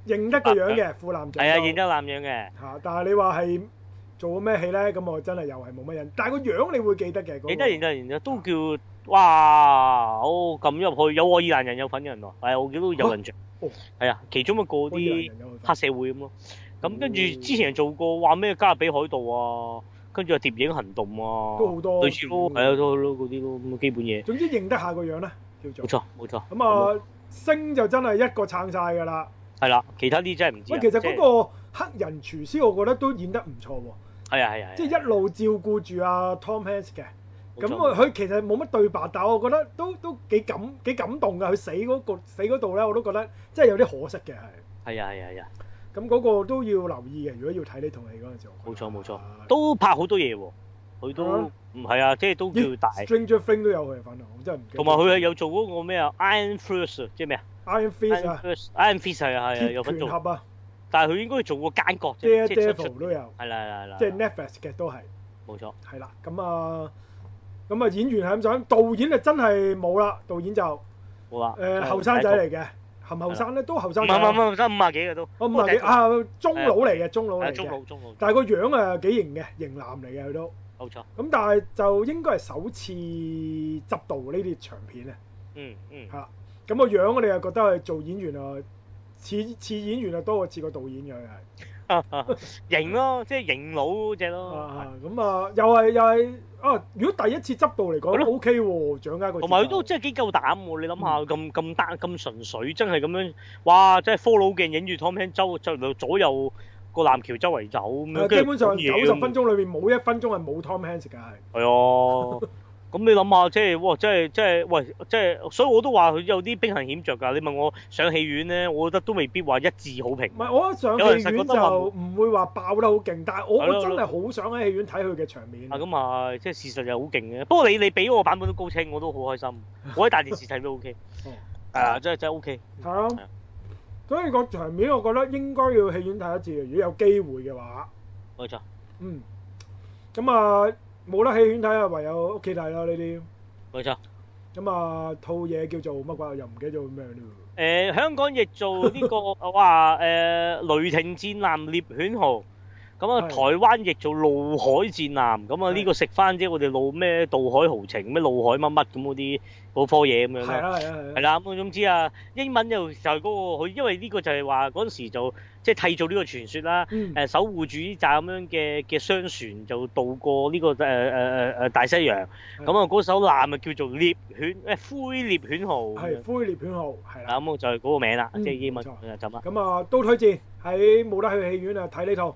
認得個樣嘅富男仔，係啊，認得男樣嘅嚇。但係你話係做咗咩戲咧？咁我真係又係冇乜人。但係個樣你會記得嘅。認得，認得，認得，都叫哇！哦，撳入去有愛爾蘭人，有份人喎。係，我記得有印象。係啊，其中一個啲黑社會咁咯。咁跟住之前做過話咩《加勒比海盜》啊，跟住《碟影行動》啊，都好多類似咯，係啊，都係咯嗰啲咯咁基本嘢。總之認得下個樣咧，叫做冇錯，冇錯。咁啊，星就真係一個撐晒㗎啦。係啦，其他啲真係唔知。喂，其實嗰個黑人廚師，我覺得都演得唔錯喎。係啊係啊，即係一路照顧住阿 Tom Hanks 嘅。咁佢其實冇乜對白，但係我覺得都都幾感幾感動㗎。佢死嗰個死嗰度咧，我都覺得真係有啲可惜嘅。係。係啊係啊，咁嗰個都要留意嘅。如果要睇呢套戲嗰陣時。冇錯冇錯，都拍好多嘢喎。佢都唔係啊，即係都叫大。Stranger Things 都有佢啊，反正我真係唔記得。同埋佢有做嗰個咩啊，Iron Fist，即係咩啊？Iron Fist 啊，Iron Fist 係啊係啊，又分做，但係佢應該做過奸角啫，Daredevil 都有，係啦係啦係啦，即係 Netflix 嘅都係，冇錯，係啦咁啊，咁啊演員係咁想，導演啊真係冇啦，導演就冇啦，誒後生仔嚟嘅，冚後生咧都後生，唔唔唔後生，五啊幾嘅都，哦五啊幾啊中佬嚟嘅，中佬嚟嘅，中佬中佬，但係個樣啊幾型嘅，型男嚟嘅佢都，冇錯，咁但係就應該係首次執導呢啲長片啊，嗯嗯吓。咁個樣我哋又覺得係做演員啊，似似演員啊多過似個導演嘅係，型咯，啊啊、 即係型佬嗰隻咯。咁啊，嗯、啊，又係又係啊！如果第一次執導嚟講，O K 喎，掌握也、okay、個。同埋佢都真係幾夠膽喎！你諗下，咁咁單咁純粹，真係咁樣，哇！即係 follow 鏡影住 Tom Hanks 周到左右個南橋周圍走咁樣，基本上九十分鐘裏邊冇一分鐘係冇 Tom Hanks 嘅係。係啊。的 咁你諗下，即係哇，即係即係，喂，即係，所以我都話佢有啲兵行險著㗎。你問我上戲院咧，我覺得都未必話一致好評。唔係，我覺得上戲院就唔會話爆得好勁，但係我，的我真係好想喺戲院睇佢嘅場面。係咁係，即係事實就好勁嘅。不過你你俾我版本都高清，我都好開心。我喺大電視睇都 OK，係 啊，真係真係 OK。係咯。所以個場面我覺得應該要戲院睇一次，如果有機會嘅話。冇錯的。嗯。咁啊。冇得戲院睇啊，唯有屋企睇啦呢啲。冇錯，咁啊套嘢叫做乜鬼？又唔記得做咩嘞？誒、呃，香港亦做呢、呢個，我話、 呃、雷霆戰艦獵犬號，咁啊台灣亦做怒海戰艦，咁啊呢個食翻啫，我哋怒咩？怒海豪情咩？怒海乜乜咁嗰啲。嗰科嘢，咁樣，係啦，係啦。咁我總之啊，英文又就係嗰、嗰個佢，因為呢個就係話嗰陣時就即係替造呢個傳說啦。嗯、守護住呢扎咁樣嘅嘅商船就渡過呢、呢個、呃呃、大西洋。咁啊嗰首艦啊叫做獵犬灰獵犬號，灰獵犬號，係啦。咁、嗯、就係嗰個名啦，即係、嗯、英文錯就咁啊。咁啊都推薦喺冇得去戲院啊睇呢套。